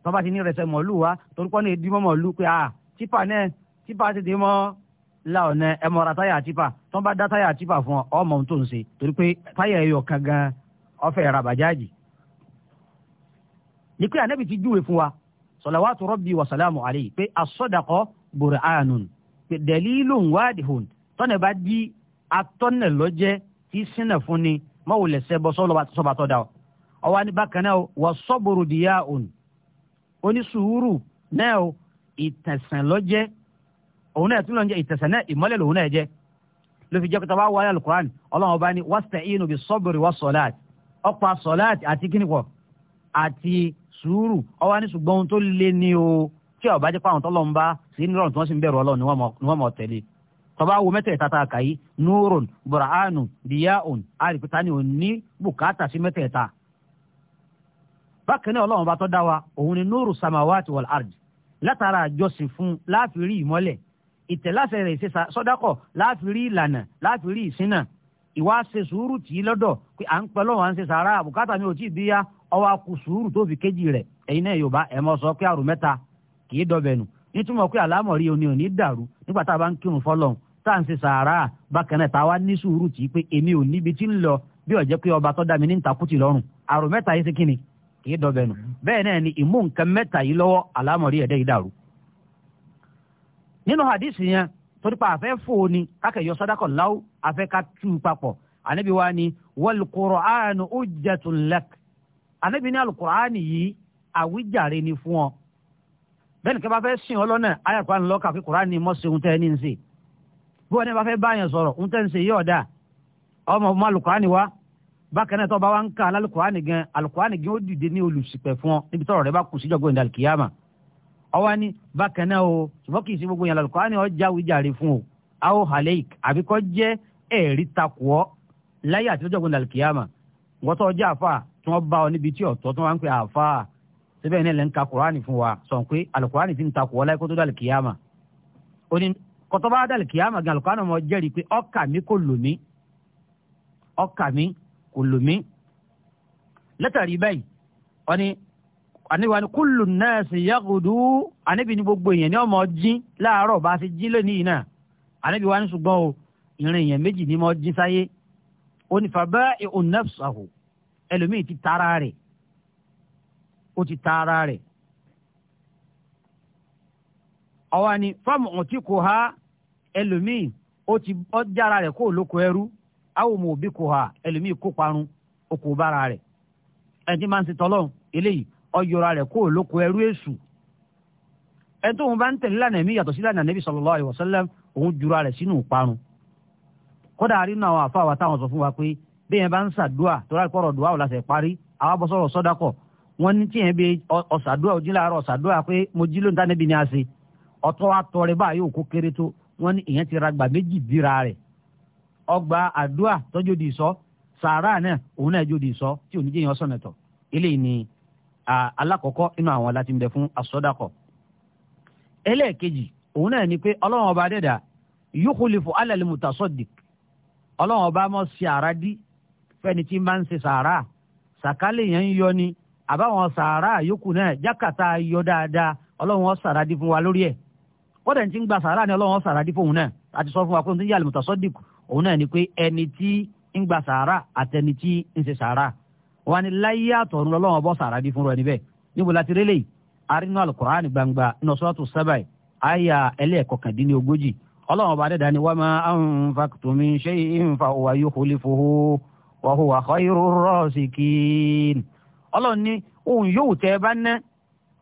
bàbá ti ní rẹsẹ̀ mọ̀lú wa torí pọ́n ní dimọ́ mọ̀lú pé a tipa náà tipa tètè mọ́ la ọ̀nà ẹ̀mọ́ra táyà tipa tó ń bá dátáyà tipa fún ọ ọmọ tó ń ṣe torí pé táyà ẹ̀yọ̀ kan gan ọfẹ́ ra bàjáàjì ni pé ànábì ti júwe fún wa sọ̀làwátù rọ́bì wàsálàmù àlè pé asọ́dàkọ́ burhanun pé dẹ̀lílùn wádìhùn tọ́nà bá di atọ́nà lọ́jẹ́ tí sínà fún ni mọ́wùlẹ̀ sẹ́bọ sọ́ba tọ́ da ọ. ọwọ́ ní bákan náà wà sọ́bùrù dìyà òun onísùúrù náà ìtẹ̀sán lọ́jẹ́ òun náà tún lọ́njẹ́ ìtẹ̀sán náà ìmọ́lẹ̀ lòun náà jẹ́ ló fi jẹ́ kó tàbá wáyà alukur'an ọlọ́run ọba ni wasta'inu bi sọ́bùrù wa sọ̀láàt ọ̀pọ̀ sọ̀láàt àti kíníkọ̀ àti sùúrù ọwọ́ ní ṣùgbọ́n ohun tó le ni o tí ọ̀bá jẹ́ pàwọn tọ́lọ́ sí nírọ̀rùn tí wọ́n sì ń bẹ̀rù ọlọ́run ni wọ́n mọ̀ tẹ̀lé tọba wo mẹ́tẹ̀ẹ̀ta tá a nurun burhanu diyaun arìpítà ni ò ní bùkátà sí mẹ́tẹ̀ẹ̀ta. bákan náà ọlọ́run bá tọ́ da wa òun ni nuru samawati wal ard látara àjọsìn fún láàfin rí ìmọ́lẹ̀ ìtẹ̀láṣẹ rẹ̀ ṣe sọ́dákọ̀ láàfin rí ìlànà láàfin rí ìsínà ìwà ṣe sùúrù tì í lọ́dọ̀ pé à ń pẹ́ lọ́wọ́ à ń ṣe sàárà bùkátà mi ò tí ì bí yá ọwọ́ akú sùúrù tó fi kéjì rẹ̀ ẹ̀yin náà yorùbá ẹ̀ mọ́ sọ pé àrùn mẹ́ta kì í dọ̀bẹ̀ nítumọ̀ pé àlámọ̀rí òní òní dàrú nígbà tá a bá ń kírun fọ́lọ́hún tá à ń ṣe sàárà bákan náà táwa ní sùúrù tí pé èmi ò níbi tí ń lọ bí ó jẹ́ pé ọba tó dá mi ní ntakùtì lọ́rùn àrò mẹ́ta yìí sí kíni kì dọ̀bẹ̀ nù mm-hmm. bẹ́ẹ̀ náà ni ìmú nǹkan mẹ́ta yìí lọ́wọ́ àlámọ̀rí ẹ̀dẹ́ yìí dàrú. nínú hadisi yẹn torí pa àfẹ́ fòóni kákẹ́yọ sọ́dákọ̀ láwù àfẹ́ ká tú papọ̀ ànábi wa ni wal Qur'anu ujjatun lak ànábi ní al-Qur'ani yìí àwíjàre ni fún ọ bẹ́ẹ̀ ni kí wọ́n bá fẹ́ sìn ọ lọ́nà ayàpá bí wọn ní bá fẹ́ báyàn sọ̀rọ̀ ń tẹ́sí yóò dáa ọmọ ọmọ alukurani wa bákan náà tó bá wa ń kà alukurani gan alukurani gan ó dìde ní olùsìpẹ̀ fún ọ níbi tọ́rọ̀ rẹ bá kù síjọ́ gbẹ̀ndà kìyàmà ọwọ́ ni bákan o ṣùgbọ́n kì í ṣe gbogbo yẹn alukurani ọ jáwéjàre fún o awo haleik àbí kọ́ jẹ́ ẹ̀rí takùọ́ láyé àti lọ́jọ́ gbẹ̀ndà kìyàmà wọ́tọ́ ọjà àfa tí wọ́n bá ọ níbi tí ọ̀tọ́ tí wọ́n ń pè àfa síbẹ̀ ní kọtọba adàlẹ kìyàmà gan alukóhánà mọ jẹ́rìí pé ọkà mi kò lò mí ọkà mi kò lò mí látàrí báyìí ọni àníwá ni kúlù náà sì yàgòdú àníbi ní gbogbo èèyàn ní ọmọ jín láàárọ̀ bá a ti jín lónìí yìí náà àníbi wa ní ṣùgbọ́n o ìrìn èèyàn méjì ní mọ jín sáyé onífàbẹ́ ìhùnẹ́fṣàhù ẹlòmíì ti tara rẹ̀ ó ti tara rẹ̀ ọwọ́ ni fáwọn ọ̀tí kò há. ẹlòmíì ó ti ọjàra rẹ̀ kó lóko ẹrú àwọn ọmọ òbí kò hà ẹlòmíì kó parun okò bára rẹ̀ ẹni tí máa ń ṣe eléyìí ọyọra rẹ̀ kó lóko ẹrú èṣù ẹni tóun bá ń tẹ̀lé lánàá mi yàtọ̀ sí òun jura rẹ̀ sínú kódà àwọn fún wa pé bí yẹn bá ń tó rà pọ̀rọ̀ parí wọ́n ní bí pé mo jí wọ́n ní ìyẹn ti ra gbà méjì bíra rẹ̀ ọgbà àdúà tọ́jú di sọ sàárà náà òun náà jó ọsọ sọ tí ọ̀sán eléyìí ni alákọ̀ọ́kọ́ inú àwọn láti ń fún asọ́dàkọ̀ ẹlẹ́ẹ̀kejì òun náà ni pé ọlọ́run ọba dẹ́dà yókùlìfò alẹ́lẹ́ mùtàsọ́dìk ọlọ́run ọba mọ̀ sí ara dí fẹ́ni tí ń sàárà sàkálẹ̀ yẹn ń yọ ni àbáwọn sàárà náà jákàtà yọ dáadáa ọlọ́run ọ fún wa lórí kọ́dà ní ti ń gba sàárà ni ọlọ́run sàárà dípò òun náà àti sọ fún wa pé ní yàrá mùtàsọ́dìk òun náà ni pé ẹni tí ń gba sàárà àtẹni tí ń ṣe sàárà wọn ni láyé àtọ̀run ọlọ́run bọ́ sàárà dífún rẹ níbẹ̀ níbo láti rélẹ̀ arínú alukur'ani gbangba iná sọ́tù sábàì àyà ẹlẹ́ẹ̀kọkàndínlógójì ọlọ́run ọba dẹ́dá ni wọ́n máa ń fàkùtùmí ṣé ìǹfà òwà yóò kólé fowó wàhùwà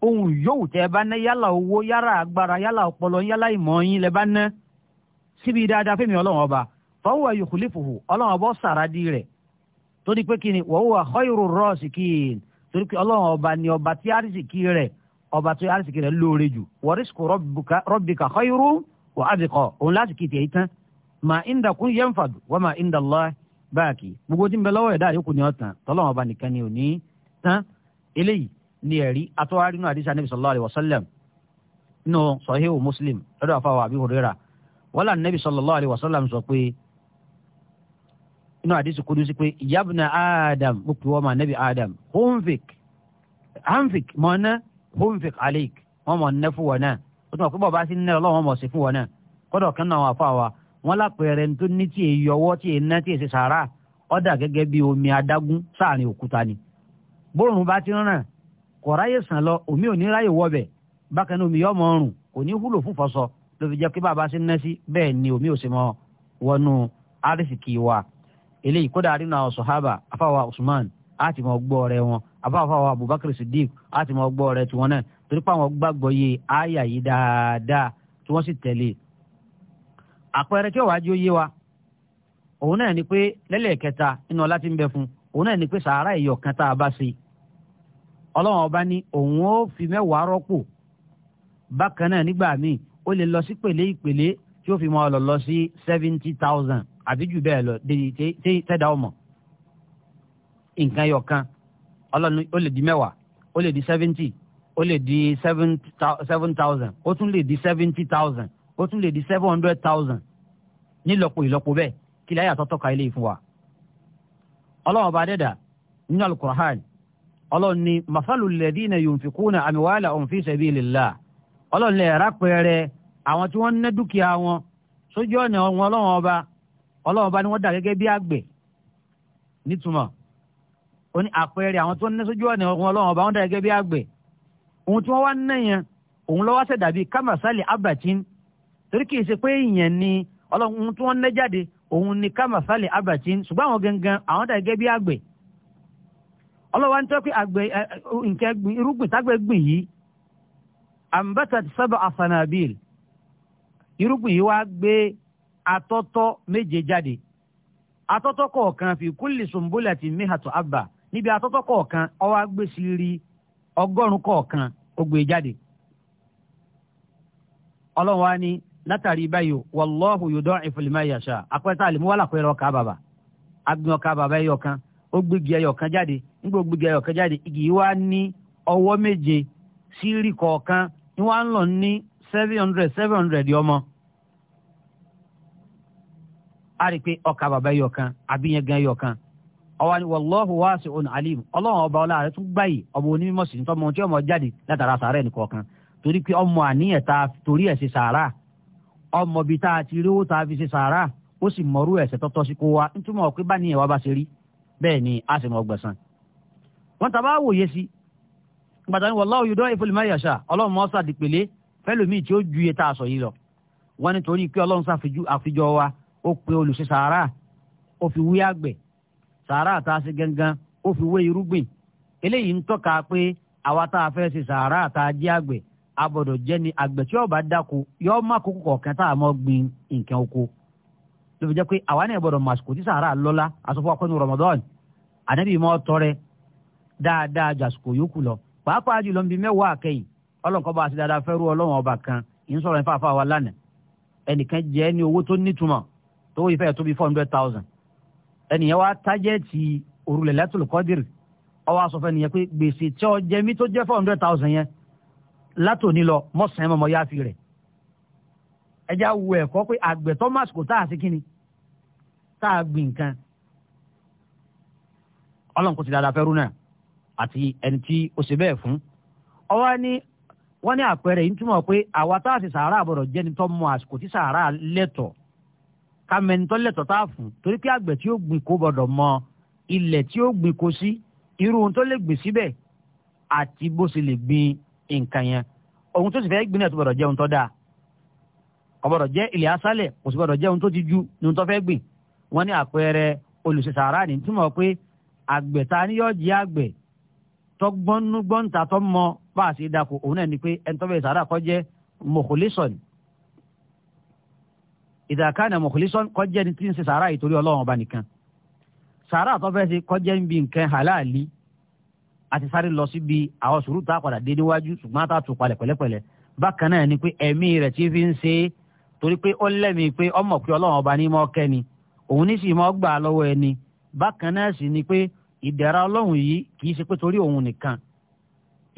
ohun yòówù tẹ́ ẹ bá ná yálà owó yálà agbára yálà ọpọlọ yálà ìmọ̀ yín lẹ bá ná síbi dáadáa fẹ́mi ọlọ́run ọba fọwọ́ yòókùlífòhù ọlọ́run ọba sàràdí rẹ̀ torí pé kí ni wọ́wọ́ àkọ́yìrò rọ́ọ̀sì kí torí pé ọlọ́run ọba ni ọba tí àrísìkí rẹ̀ ọba tí àrísìkí rẹ̀ lóore jù wọ́rísìkò rọ́bìkà àkọ́yìrò wà á bìkọ́ òun láti kìtì èyí tán mà ìndà kún yẹn fàdù wọ́n mà ìndà lọ́ báàkì gbogbo tí ń bẹ lọ́wọ́ ẹ̀dá àyókù ni ọ̀tàn tọ́lọ́run ọba nìkan ni òní tán eléyìí ní ẹ̀rí atọ́wárí nínú àdìsá níbi sallallahu alaihi wasallam nínú sahihu muslim lọ́dọ̀ àfàwọ̀ àbí hurera wala níbi sallallahu alaihi wasallam sọ pé inú àdìsí kudu sí pé yabna adam mo pè wọ́n ma níbi adam hunfik hanfik mọ̀ ná hunfik alik wọ́n mọ̀ ná fún wọn náà ó tún wà pé bàbá sí ní ọlọ́wọ́n mọ̀ sí fún wọn náà kọ́dọ̀ kan náà wà fáwa bóòrùn bá ti ràn kò ráyè sàn lọ omi ò ní ráyè wọbẹ̀ bákan omi yọ ọmọ ọrùn kò ní wúlò fún fọṣọ ló fi jẹ́ pé bàbá sí ná sí bẹ́ẹ̀ ni omi ò sì mọ wọnú àrísìkì wa eléyìí kódà àrínà afáwa Usman àti mọ gbọ́ wọn afáwa Abubakar Siddiq àti mọ gbọ́ ọ̀rẹ́ tiwọn náà torí pé àwọn gbàgbọ́ yé àyà yìí dáadáa tí wọ́n sì tẹ̀lé àpẹẹrẹ yé wa òun náà ni pé nínú ọlá ọlọ́run ọba ní òun ó fi mẹ́wàá rọ́pò bákan náà nígbà míì ó lè lọ sí pèlé ìpèlé tí ó fi mọ́ ọ lọ lọ sí seventy thousand àbí jù bẹ́ẹ̀ lọ déyìí tẹ́dá ọmọ nǹkan ẹyọ kan ọlọ́run ó lè di mẹ́wàá ó lè di seventy ó lè di seven thousand ó tún lè di seventy thousand ó tún lè di seven hundred thousand nílọ́po ìlọ́po bẹ́ẹ̀ kí láyà tọ́tọ́ ka ilé ìfún wa ọlọ́run ọba adẹ́dà nínú alukurahani ọlọ́run ní masalu lẹ́dínà yunfikuna àmìwálà òun fi sabilillah ọlọ́run lè rà pẹ́ẹ́rẹ́ àwọn tí wọ́n ń ná dúkìá wọn sójú ọ̀nà wọn ọlọ́run ọba ọlọ́run ọba ni wọ́n dà gẹ́gẹ́ bí àgbẹ̀ nítumọ̀ ó ní àpẹẹrẹ àwọn tí wọ́n ná sójú ọ̀nà wọn ọlọ́run ọba wọ́n dà gẹ́gẹ́ bí àgbẹ̀ ohun tí wọ́n wá ná yẹn òun lọ́wọ́ sẹ̀ dàbí kámásálì abatin torí kì í ṣe pé ìyẹn ni ọlọ́run tí wọ́n ná jáde òun ni kámásálì abatin ṣùgbọ́n àwọn gangan àwọn dà gẹ́gẹ́ bí àgbẹ̀ ọlọ́wà ń tẹ́ pé àgbẹ̀ nǹkan gbìn irúgbìn tágbẹ̀ gbìn yìí sábà irúgbìn yìí wá gbé atọ́tọ́ méje jáde atọ́tọ́ kọ̀ọ̀kan fi kulli sumbulati mihatu abba níbi atọ́tọ́ kọ̀ọ̀kan ó gbé sírí ọgọ́rùn kọ̀ọ̀kan ó gbé látàrí báyìí ó gbégi ẹyọ kan jáde igi yìí wá ní ọwọ́ méje sírí kọ̀ọ̀kan ni wọ́n ń lọ ní seven hundred seven hundred ọmọ a rí i pé ọkà bàbá ẹyọ kan àbí yẹn gan ẹyọ kan ọwọ́ ni wàlọ́hù wá sí ọ̀nà alim ọlọ́run ọba ọlá rẹ tún ọmọ onímọ̀ sí tí ọmọ jáde látara sàárẹ̀ fi ṣe sàárà ó sì mọ̀rú tọ́tọ́ sí kó wa nítumọ̀ pé bá bẹ́ẹ̀ ni a sì mọ san wọ́n tàbá wòye sí gbàtà ni wallahu yudaifu liman yasha ọlọ́run mọ́ sáà dìpele fẹ́lòmíì tí ó ju iye tá a sọ yìí lọ wọ́n nítorí pé ọlọ́run sàfijọ́ àfijọ́ wa ó pe olùṣe sàárà ó fi wí àgbẹ̀ sàárà a ṣe gangan ó fi wé irúgbìn eléyìí ń tọ́ka pé àwa tá a fẹ́ sàárà tá a àgbẹ̀ jẹ́ ni àgbẹ̀ tí yọ ló fi jẹ́ pé àwa náà gbọ́dọ̀ màsùkò tí sàárà lọ́lá àsọfún akọ́nu Ramadan ànábì mọ́ tọrẹ dáadáa jàsùkò yòókù lọ pàápàá jùlọ níbi mẹ́wàá àkẹyìn ọlọ́nkọ́ bá a ti dáadáa fẹ́ rú ọlọ́run ọba kan ìyẹn sọ̀rọ̀ nípa àfa wa lánàá ẹnìkan jẹ́ ní owó tó nítumọ̀ tó wọ́n ìfẹ́ tó bí four hundred thousand ẹnìyẹn wá tájẹ́ẹ̀tì òrùlẹ̀ lẹ́tùlù kọ́dìrì ọwọ́ asọ̀fẹ́ nìyẹn ẹja wo ẹ̀kọ́ pé àgbẹ̀ thomas kò tá a sí kíni tá a gbìn nǹkan ọlọ́run kò ti dáadáa fẹ́ rú náà àti ẹni tí ó ṣe bẹ́ẹ̀ fún ọwọ́ ní wọ́n ní àpẹẹrẹ yìí túmọ̀ pé àwa tá a sì sàárà àbọ̀rọ̀ jẹ́ni tó mọ àsìkò tí sàárà lẹ́tọ̀ ká mẹni tó lẹ́tọ̀ tá a fún torí pé àgbẹ̀ tí ó gbìn kó gbọ́dọ̀ mọ ilẹ̀ tí ó gbìn kó sí irú ohun tó lè gbìn síbẹ̀ àti bó ṣe lè gbìn nǹkan yẹn ohun tó sì fẹ́ gbìn náà tó gbọ́dọ̀ jẹ́ ohun tó dáa ọ̀bọ̀dọ̀ jẹ́ ilẹ̀ asálẹ̀ kò sì gbọ́dọ̀ jẹ́ ohun tó ti ju ní ohun tó fẹ́ gbìn wọ́n ní àpẹẹrẹ olùṣèṣàrà ní túmọ̀ pé àgbẹ̀ ta ni yóò jẹ́ àgbẹ̀ tó gbọ́nú gbọ́ǹta tó mọ bá a sì dako òun náà ni pé ẹni tó bẹ̀ sàrà kó jẹ́ mọ̀kòlísọ̀n ìdàkánà mọ̀kòlísọ̀n kó jẹ́ ni tí ń ṣe sàrà ìtorí ọlọ́run ọba nìkan sàrà tó fẹ́ ṣe kó jẹ́ ń bi nǹkan halali àti sáré lọ síbi àwọn sùúrù tá a padà dé níwájú ṣùgbọ́n a tún palẹ̀ pẹ̀lẹ́pẹ̀lẹ́ bákan náà ni pé ẹ̀mí rẹ̀ ti fi ń ṣe é torí pé ó lẹ́mìí pé ọmọ pé ọlọ́run ọba ní mọ́ kẹ́ni òun ní sì mọ́ gbà lọ́wọ́ ẹni bákan náà sì ni pé ìdẹ̀ra ọlọ́run yìí kì í ṣe pé torí òun nìkan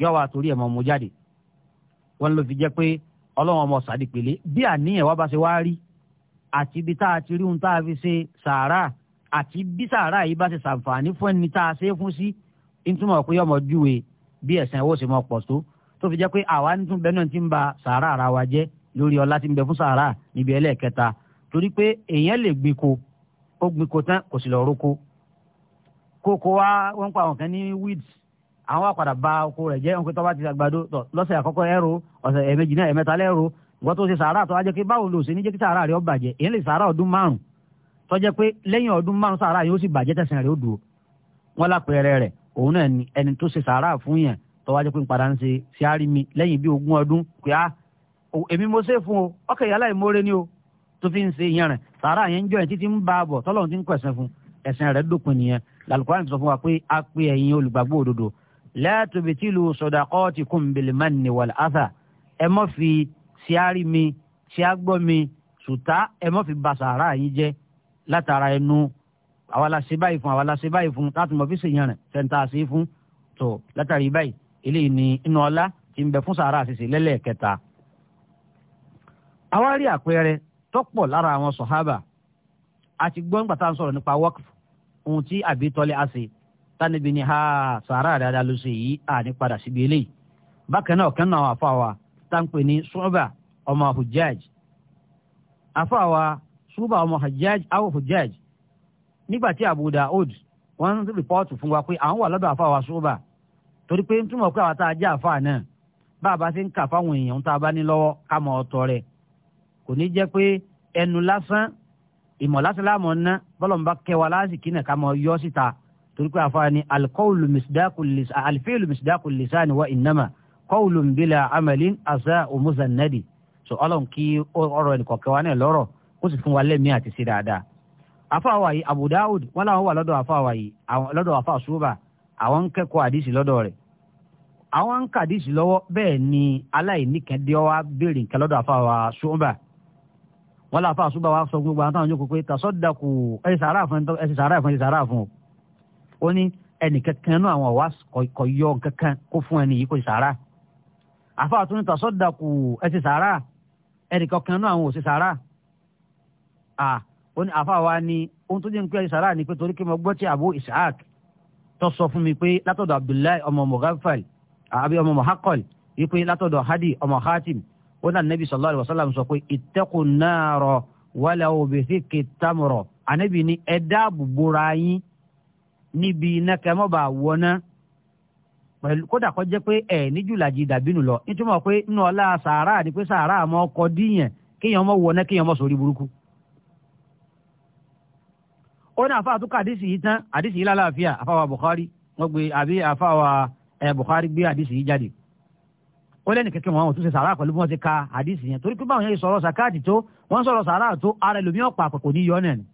yóò wá torí ẹ̀ mọ́ mú jáde wọ́n ló fi jẹ́ pé ọlọ́run ọmọ sàdìpẹ̀lẹ́ bí àníyàn wá bá ṣe wá rí àti ibi tá a ti rí ohun tá a fi ṣe sàárà àti bí sàárà yìí bá ṣe ṣàǹfààní fún ẹni tá a ṣe é fún sí ìtumọ̀ pé ọmọ júwe bí ẹ̀sìn ẹ̀wọ́ ṣe mọ pọ̀ tó tó fi jẹ́ pé àwa ń tún bẹ́ẹ̀ náà ti ń ba sàárà ara wa jẹ́ lórí ọlá tí ń bẹ fún sàárà níbi ẹlẹ́ẹ̀kẹta torí pé èèyàn lè gbin ko ó gbin ko tán kò sì lọ roko kókó wa wọ́n ń pa àwọn kan ní weeds àwọn àpàdà ba oko rẹ̀ jẹ́ wọn pé tọ́ba ti àgbàdo tọ̀ lọ́sẹ̀ àkọ́kọ́ ẹ̀rọ ọ̀sẹ̀ ẹ̀mẹjì náà ẹ̀mẹta lẹ́rọ ìwọ́n tó ṣe sàárà tó wá jẹ́ pé báwo ló ṣe ní jẹ́ kí sàárà rẹ̀ ó bàjẹ́ èèyàn lè sàárà ọdún márùn tó jẹ́ pé lẹ́yìn ọdún márùn sàárà yóò sì bàjẹ́ tẹ̀sán rẹ̀ ó dùn wọ́n lápẹẹrẹ rẹ̀ òun náà ẹni tó ṣe sàárà fún yẹn tó wá pé ń padà ń ṣe ṣíárì mi lẹ́yìn bí ogún ọdún pé á ah, èmi mo ṣe fún o ọkẹ yàrá ìmoore ni o tó fi ń ṣe ìyẹn rẹ sàárà yẹn ń jọ yẹn títí ń bá a bọ tọ́lọ́run ti ń kọ̀ẹ̀sẹ̀ fún ẹ̀sìn rẹ̀ dópin nìyẹn làlùkọ́rán ti sọ fún wa pé a pe ẹ̀yin olùgbàgbọ́ òdodo la tubtilu sadaqatikum bil manni wal adha ẹ mọ́ fi ṣíárì mi ṣíágbọ́ mi ṣùtá ẹ mọ́ fi ba sàárà yín jẹ́ látara ẹnu àwa la ṣe báyìí fún àwa la ṣe báyìí fún láti mọ̀ fi ṣèyàn rẹ̀ fẹ́ntà sí fún tó látàrí báyìí eléyìí ni inú ọlá ti ń bẹ fún sàárà àṣìṣe lẹ́lẹ́ẹ̀kẹta àwa rí àpẹẹrẹ lara lára àwọn sọ̀hábà àti gbọ́ngbà tá à ń sọ̀rọ̀ nípa wọ́ọ̀kì ohun tí ṣe tánibí ni ha sàárà dáadáa ló ṣe yìí àní padà síbi eléyìí bákan náà ọ̀kan náà àfa wa tá ń pè ní ṣùbà ọmọ hujjaj àfa wa ṣùbà ọmọ hujjaj awo hujjaj nígbà tí Abu Daud wọ́n rìpọ́ọ̀tù fún wa pé àwọn wà lọ́dọ̀ náà bá a bá ti ń kà fáwọn kò ní jẹ́ pé ẹnu lásán ìmọ̀ lásán láàmú ná bọ́lọ̀mùbá kẹwàá lásìkí náà ká mọ yọ síta torí pé àfa ni alikọ́wùlù mùsùdákù lìsàn wa inama kọ́wùlù nbílà amalin asa omuzanadi so ọlọ́run kí ọ̀rọ̀ ẹnì kọ̀ọ̀kẹ́ wa náà lọ́rọ̀ kó sì fún wa lẹ́mí àti sí dáadáa afa wa yìí Abu Dawud wọn làwọn wà lọ́dọ̀ afa wa yìí lọ́dọ̀ afa suba àwọn ń kẹ́kọ̀ọ́ àdìsí lọ́dọ̀ rẹ̀ àwọn ń kàdísì lọ́wọ́ bẹ́ẹ̀ ni aláìníkẹ́ndé wa béèrè nǹkan lọ́dọ̀ àfàwà ṣùgbọ́n wọn làáfà àṣùgbà wa sọ gbogbo àwọn táwọn yòókù pé tàṣọdàkù ẹ sàárà fún ẹ sì sàárà fún ẹ sì sàárà fún o ó ní ẹnìkankan náà àwọn ọ̀wá kọ̀ yọ kankan kó fún ẹni yìí kó sì sàárà àfa àtúntò tàṣọdàkù ẹ sì sàárà ẹnìkankan náà àwọn ò sàárà à ó ní àfa wa ni ohun tó jẹ́ ń pẹ́ sàárà ni pé torí kí mo gbọ́ tí àbó Ishaq tó sọ fún mi pé látọ̀dọ̀ Abdullahi ọmọ Mughaffal Hadi ọmọ ó náà nẹ́bí sallallahu alaihi wasallam sọ pé ittaqun nara walaw bithiqi tamra ànẹ́bí ni ẹ dáàbò bora yín níbi iná kẹmọ́bà wọná pẹ̀lú kódà kọ́ jẹ́ pé ẹ̀ níjùlàjì dàbínú lọ nítumọ̀ pé nínú ọlá sàárà ni pé sàárà mọ́ ọkọ̀ díyàn kéèyàn mọ́ wọná kéèyàn mọ́ sórí burúkú ó ní àfáà tó ká àdìsí yìí tán àdìsí yìí lálàáfíà àfáà wa Bukhari wọ́n gbé àbí àfáà wa Bukhari gbé àdìsí yìí jáde ó lẹ́nu kẹ́kẹ́ wọn ò tún ṣe sàrà pẹ̀lú bí wọ́n ti ka àdìsí yẹn torí pé báwọn yẹn sọ̀rọ̀ sàkáàtì tó wọ́n sọ̀rọ̀ sàrà tó ara ẹlòmíràn pa àpapọ̀ ní yọ náà ni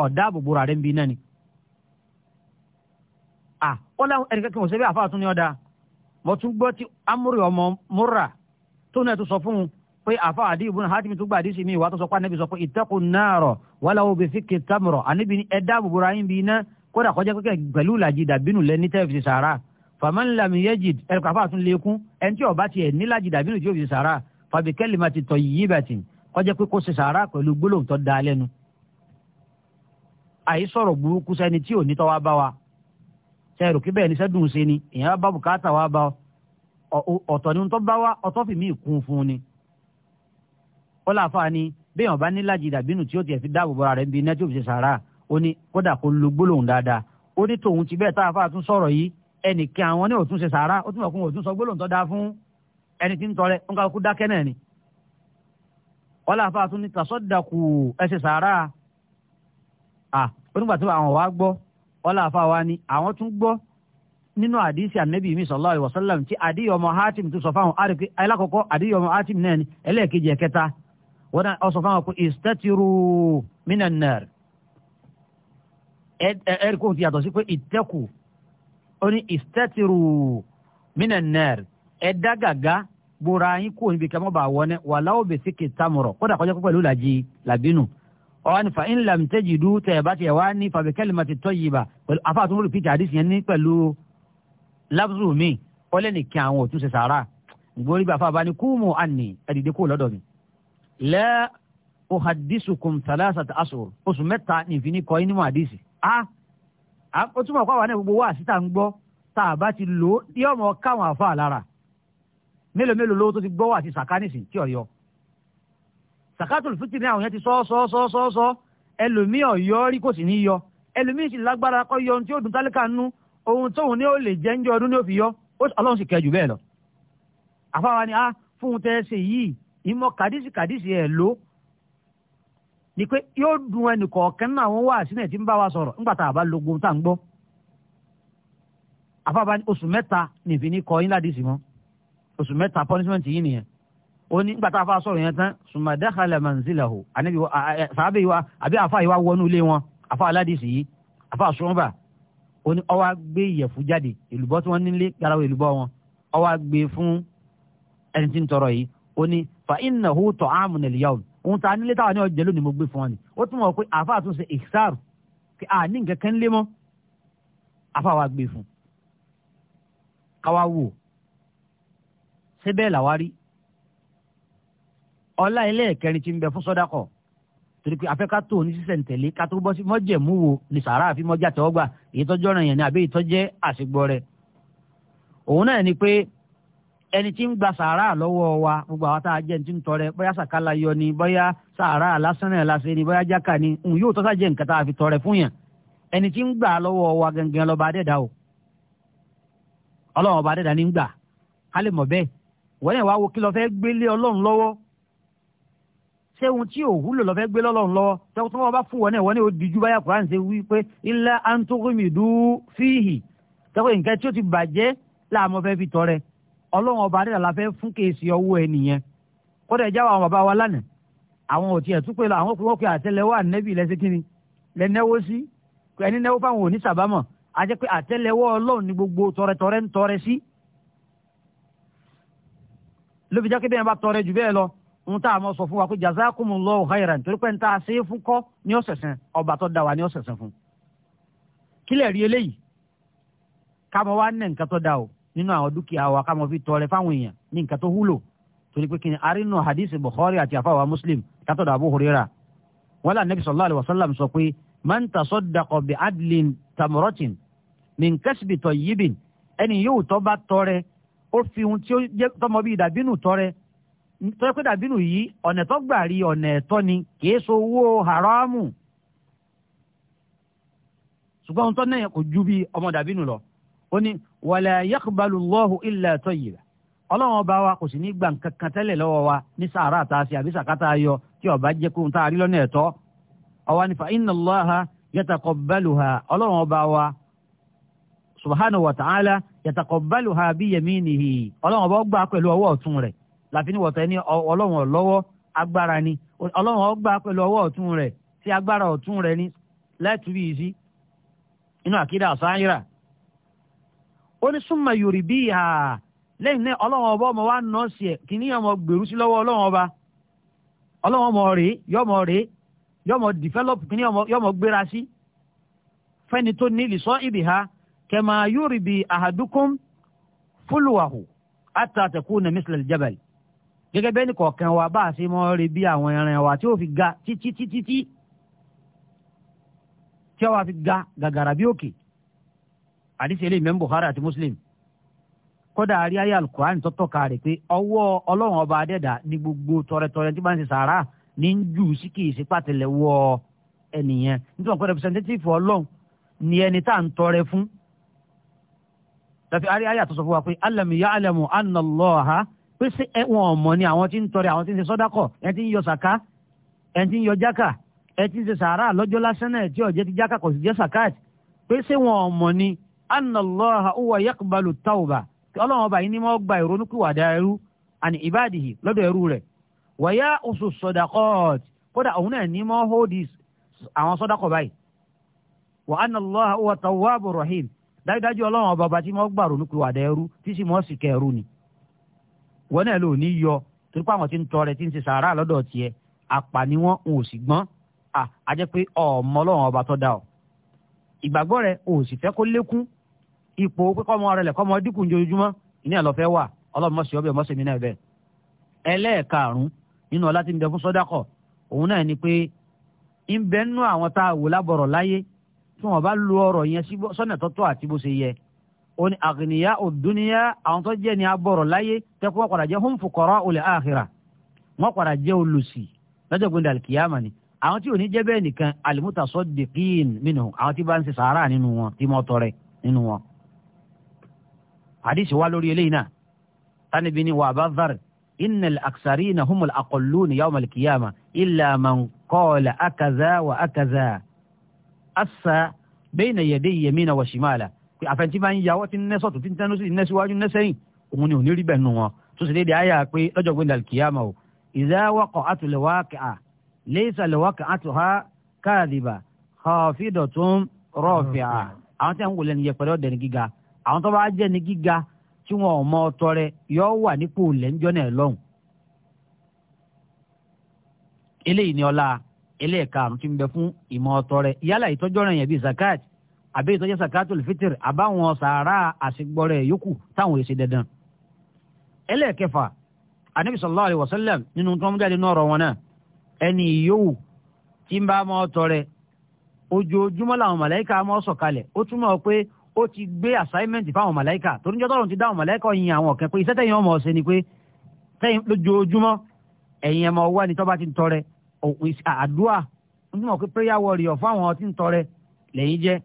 ọ̀dà àbùgbò rà rẹ̀ ń bi náà ni. à ó láwọn ẹnì kẹ́kẹ́ wọn ṣe bí àfáà tún ní ọ̀dà mo tún gbọ́ tí amúrì ọmọ múra tó náà tún sọ fún un pé àfáà àdí ìbùnà hátìmí tún gbà àdìsí mi ìwà tó sọ pé ànábì sọ pé faman lam yajid ẹ̀ka fà tún lékún ẹni tí ó bá tiẹ̀ níláàjì dàbínú tí ó fi sàrà fàbí kalimati tayyibatin kó jẹ́ pé kó ṣe sàrà pẹ̀lú gbólóhùn tó da lẹ́nu. àyí sọ̀rọ̀ burúkú sẹ́ni tí ò ní tọ́wá bá wa sẹ́rù kí bẹ́ẹ̀ ni sẹ́dùn ṣe ni ìyẹn bá bùkátà wa bá ọ̀tọ̀ ni tó bá wa ọ̀tọ̀ fi mí kún fún ni. ó láfa ni bẹ́ẹ̀ wọn bá níláàjì dàbínú tí ó tiẹ̀ fi dáàbò bọ́ra rẹ̀ bí iná tí ó fi ṣe sàrà ó ní kódà kó lo gbólóhùn dáadáa ó ní tòun ti ẹnìkan àwọn ní òtún ṣe sàárà ó túnbọ̀ kún òtún sọ gbólóhùn tó dáa fún ẹni tí ń tọrẹ ń ká kú dákẹ́ náà ni. wọ́n láfa tún ní tàṣọ́dàkù ẹ ṣe sàárà à onígbà tí àwọn wá gbọ́ wọ́n láfa wa ni àwọn tún gbọ́ nínú àdìsí ànábì mi sallallahu alaihi wasallam tí àdìyẹ ọmọ hatim tún sọ fáwọn àdìpé alákọ̀ọ́kọ́ àdìyẹ ọmọ hatim náà ni ẹlẹ́ẹ̀kejì ẹ̀kẹta wọ́n sọ fáwọn pé istatiru minan nar ẹ̀ẹ́dẹ́gbẹ̀rún ti yàtọ̀ sí pé ìtẹ́kù ó ní ìstẹ́tìrù mínà nẹ́ẹ̀rì ẹ dá gàgá gbòòrò ayín kò níbi kẹ́mọ́ bá wọ́n ní wàhálà ó bèsì kì tamọ̀rọ̀ kódà kọjá pẹ̀lú làjì làbínú ọwọ́ ní fa in lam tajidu tẹ̀ ẹ̀ bá tiẹ̀ wá ní fa bi kalimati tayyiba pẹ̀lú afáàtúmọ̀ rìpítì àdìsí yẹn ní pẹ̀lú lábùsù mi ó lé nìkan àwọn òtún ṣe sàárà ìgbórí bá fa bani kúmù àní ẹ̀dìdì kúrò lọ́dọ̀ mi. lẹ́ ohadisukum thalasata asur oṣù mẹ́ta nìfín ní kọ́ inú àdìsí. ah ó túmọ̀ pàwọn náà gbogbo wá síta ń gbọ́ tá a bá ti lò ó yọ ọmọ káwọn àfa lára mélòó mélòó lówó tó ti gbọ́ wà ti sàkánìsì tí ọ̀yọ́ sàkátùl fìtì ní àwọn yẹn ti sọ́ sọ́ sọ́ sọ́ sọ́ ẹlòmíì ọ̀yọ́ rí kò sì ní yọ ẹlòmíì sì lágbára kọ́ yọ ohun tí ó dùn tálíkà nú ohun tóun ní ó lè jẹ́ ń jẹ́ ọdún ní ó ọlọ́run sì kẹjù bẹ́ẹ̀ lọ àfáwa ni a ah, fóun tẹ́ ṣe yìí ìmọ̀ kàdísì kàdísì ẹ̀ ló ni pé yóò dùn ẹnì kọ̀ọ̀kan náà àwọn wáàsí náà ti ń bá wa sọ̀rọ̀ nígbà tá a bá lo gbogbo tá à ń gbọ́ afábá oṣù mẹ́ta nìfi ní kọ́ yín ládìsí mọ́ oṣù mẹ́ta punishment yìí nìyẹn ó ní nígbà tá a fa sọ̀rọ̀ yẹn tán sùmàdàkàlẹ̀ manzilahu ànábi sàábẹ̀ yìí wa àbí àfa yìí wa wọnú ilé wọn àfa aládìsí yìí àfa sọ́nbà ó ní ó gbé ìyẹ̀fù jáde èlùbọ́ tí wọ́n nílé garawo èlùbọ́ wọn ó gbé fún ẹni tí ń tọrọ yìí ó ní fa innahu ta'amun al-yawm òun ta nílé táwa ní ọjà lónìí mo gbé fún wa ni ó tún mọ̀ pé àáfàá tún ṣe ìsáàrù kí a ní nǹkan kan lé mọ́ àáfàá wa gbé fún káwa wò ṣé bẹ́ẹ̀ làwa rí ọlá ilé ẹ̀kẹrin tí ń bẹ fún sọ́dákọ̀ torí pé afẹ́ká tó ní sísẹ̀ntẹ̀lé ká tó bọ́ sí mọ́jẹ̀mú wo ni sàárà àfi mọ́jà tẹ́wọ́gbà èyí tọ́jọ́ ọ̀ràn yẹn ni àbí èyí àṣegbọ́ rẹ̀ òun náà ni pé ẹni tí ń gba sàárà lọ́wọ́ wa gbogbo àwọn tá a jẹ́ ní ti ń tọrẹ bóyá sàkálà yọ ni bóyá sàárà lásán náà lásán ni bóyá jákà ni n yóò tọ́sà jẹ́ nǹkan tá a fi tọrẹ fún yàn ẹni tí ń gbà lọ́wọ́ wa gangan lọ́ba adẹ́dá o ọlọ́run ọba adẹ́dá ni ń gbà ká lè mọ̀ bẹ́ẹ̀ wọ́n yẹn wàá wo kí lọ fẹ́ gbélé ọlọ́run lọ́wọ́ ṣé ohun tí òwú lò fẹ́ gbé lọ́lọ́run lọ́wọ́ tẹ́wọ́ tí wọ́n bá fún ọlọ́run ọba adéla la fẹ́ fún kéèsì ọwọ́ ẹ nìyẹn kódà ìjà àwọn bàbá wa lánàá àwọn ò tiẹ̀ tún pé lọ àwọn òkú wọ́n pe àtẹ́lẹwọ́ ànẹ́bì lẹ́sẹ̀ kínní lẹ́nẹ́wó sí ẹni náwó fáwọn òní sàbámọ̀ àti pé àtẹ́lẹwọ́ ọlọ́run ní gbogbo tọrẹtọrẹ ń tọrẹ sí. ló fi jákè bẹ́ẹ̀ bá tọrẹ jù bẹ́ẹ̀ lọ ń tá a mọ̀ sọ fún wa pé jazakumullahu khairan torí pé ń ṣe é fún kọ́ ní ọ̀sẹ̀sẹ̀ ọba tó da wa ní ọ̀sẹ̀sẹ̀ fún. kílẹ̀ rí eléyìí ká mọ wá ní nǹkan tó da o nínú àwọn dúkìá wa ká mọ fi tọrẹ fáwọn èèyàn ní nǹkan tó wúlò torí pé kìnìún arínú hadisi bukhari àti àfàwà muslim látọ̀dọ̀ abu hurera wọn là nẹ́bí sallallahu alaihi wasallam sọ pé man tasaddaqa bi adlin tamratin min kasbi tayyibin ẹni yóò tọ́ bá tọrẹ ó fi ohun tí ó jẹ́ tọmọ bíi dàbínú tọrẹ tọ́jú pé dàbínú yìí ọ̀nà tó gbà ọ̀nà ẹ̀tọ́ ni kìí so owó haramu ṣùgbọ́n ohun tó náà kò ju bíi ọmọ dàbínú lọ ó ní wàlẹ̀ yàkùbalù lọ́hùn ilẹ̀ ẹ̀tọ́ yìí rẹ̀ ọlọ́run ọba wa kò sì ní gbà kankan tẹ́lẹ̀ lọ́wọ́ wa ní sàárà tá a ṣe àbí sàkátà yọ tí ọba jẹ́ kó ń tá a rí lọ́nà ẹ̀tọ́ ọwa nífa iná lọ́ha yàtàkọ̀bálùhà ọlọ́run ọba wa subhanahu wa ta'ala yàtàkọ̀bálùhà bí yaminihi ọlọ́run ọba gbà pẹ̀lú ọwọ́ ọ̀tún rẹ̀ láfin wọ̀tẹ́ ní ọlọ́run ọlọ́wọ́ agbára ó suma súnmọ́ yorì bí náà ọlọ́wọ́n ọba ọmọ wa nọ́ọ̀sì ẹ̀ kì ní ọmọ gbèrú sí lọ́wọ́ ọlọ́wọ́n ọba ọlọ́wọ́n ọmọ rèé yọmọ rèé yọmọ develop kì ní yọmọ gbéra sí fẹ́ni tó ní sọ ibi ha kẹmà yorì ahadukum fúlùwàhù àtàtàkù nà mísìlẹ̀ jabal gẹ́gẹ́ bẹ́ẹ̀ ni kọ̀ọ̀kan wa bá a wa tí ó fi ga títí títí tí ó fi ga gàgàrà bí àdìsí eléyìí mẹ́mbò Buhari àti Muslim kódà àrí ayé alukur'an tó tọ́ka rẹ̀ pé ọwọ́ ọlọ́run ọba adẹ́dà ni gbogbo tọrẹtọrẹ tí wọ́n ti sàrà ní ń jù sí kì í sí pàtẹ́lẹ̀ wọ ẹnìyẹn nítorí wọn kọ́ representative ọlọ́run ni ẹni tá à ń tọrẹ fún. tàbí àrí ayé àtọ́sọ fún wa pé pé ẹ̀wọ̀n ọ̀mọ́ ni àwọn tí ń tọrẹ àwọn tí ń ṣe sọ́dákọ̀ ti ń yọ ti jákà anna Allaha huwa yaqbalu tawba kí ọlọ́run ọba yìí ni mo gba ìrònúkúwàdà ẹrú àní ìbádìhì lọ́dọ̀ ẹrú rẹ̀ wọ̀yá oṣù sọ̀dàkọ́t kódà òun náà ní mo hóòdì àwọn sọ́dàkọ̀ báyìí wa anna Allaha huwa tawwabu rahim dájúdájú ọlọ́run ọba ọba tí mo gba ìrònúkúwàdà ẹrú tí sì mo sì kẹ́ ẹrú ni wọn náà lò ní yọ àwọn ni ìgbàgbọ́ rẹ ò fẹ́ kó lékún ipò kọ́mọ rẹ̀ lẹ̀ kọ́mọ dínkù ojoojúmọ́ ìní àlọ́fẹ́ wà ọlọ́run mọ̀sí ọbẹ̀ mọ̀sí mi náà bẹ́ẹ̀. ẹlẹ́ẹ̀karùn-ún nínú ọlá tí ń bẹ fún sọ́dákọ̀ òun náà ni pé ń bẹ nú àwọn tá a wò lábọ̀rọ̀ láyé tí wọ́n bá lu ọ̀rọ̀ yẹn sọ́nà tọ́tọ́ àti bó ṣe yẹ. ó ní àgìníyá òdúníyá àwọn tó jẹ́ ní abọ̀rọ̀ láyé tẹ́kọ́ wọ́n padà jẹ́ hum fukọ́rọ́ ni àwọn nínú wọn tí mo tọrẹ nínú wọn. حديث والولي لينا أنا بني وابا الظر إن الأكثرين هم الأقلون يوم الكيامة إلا من قال أكذا وأكذا أسا بين يدي يمين وشمالة أفن تبا إن جاوة الناس تنتنس الناس واجو الناس أمني هني ربه نوا تسلي دي آيه كوي أجو قند الكيامة إذا وقعت الواقعة ليس الواقعتها كاذبة خافضة رافعة أعطي أقول لن يفرد دين àwọn tó bá jẹ́ ní gíga tí wọn ò mọ ọtọ rẹ yóò wà nípò lẹ́njọ́ náà lọ́hùn. eléyìí ni ọlá eléyìíká àrùn tí ń bẹ fún ìmọ̀ ọtọ rẹ yálà ìtọ́jú ọ̀ràn yẹn bíi zakat àbí ìtọ́jú zakatul fitr àbáwọn sàárà àṣegbọ́rẹ̀ yòókù táwọn èsì dandan. ẹlẹ́ẹ̀kẹfà anabi sallallahu alayhi wa sallam nínú tó ń jáde nọ́ọ̀rọ̀ wọn náà ẹni ìyówù tí ń bá mọ́ ọtọ rẹ ojoojúmọ́ làwọn màláíkà mọ́ sọ̀kalẹ̀ ó túmọ̀ pé ó ti gbé assignment fáwọn màláìkà torí níjọ́ tọ́lọ́run ti dá àwọn màláìkà yin àwọn ọ̀kẹ́ pé iṣẹ́ tẹ̀yìn ọmọ ọ̀sẹ̀ ni pé tẹ̀yìn lójoojúmọ́ ẹ̀yìn ẹ̀mọ ọwọ́ ni tọ́ba ti ń tọrẹ àdúrà onímọ̀ pé prayer warrior fún àwọn tí ń tọrẹ lẹ́yìn jẹ́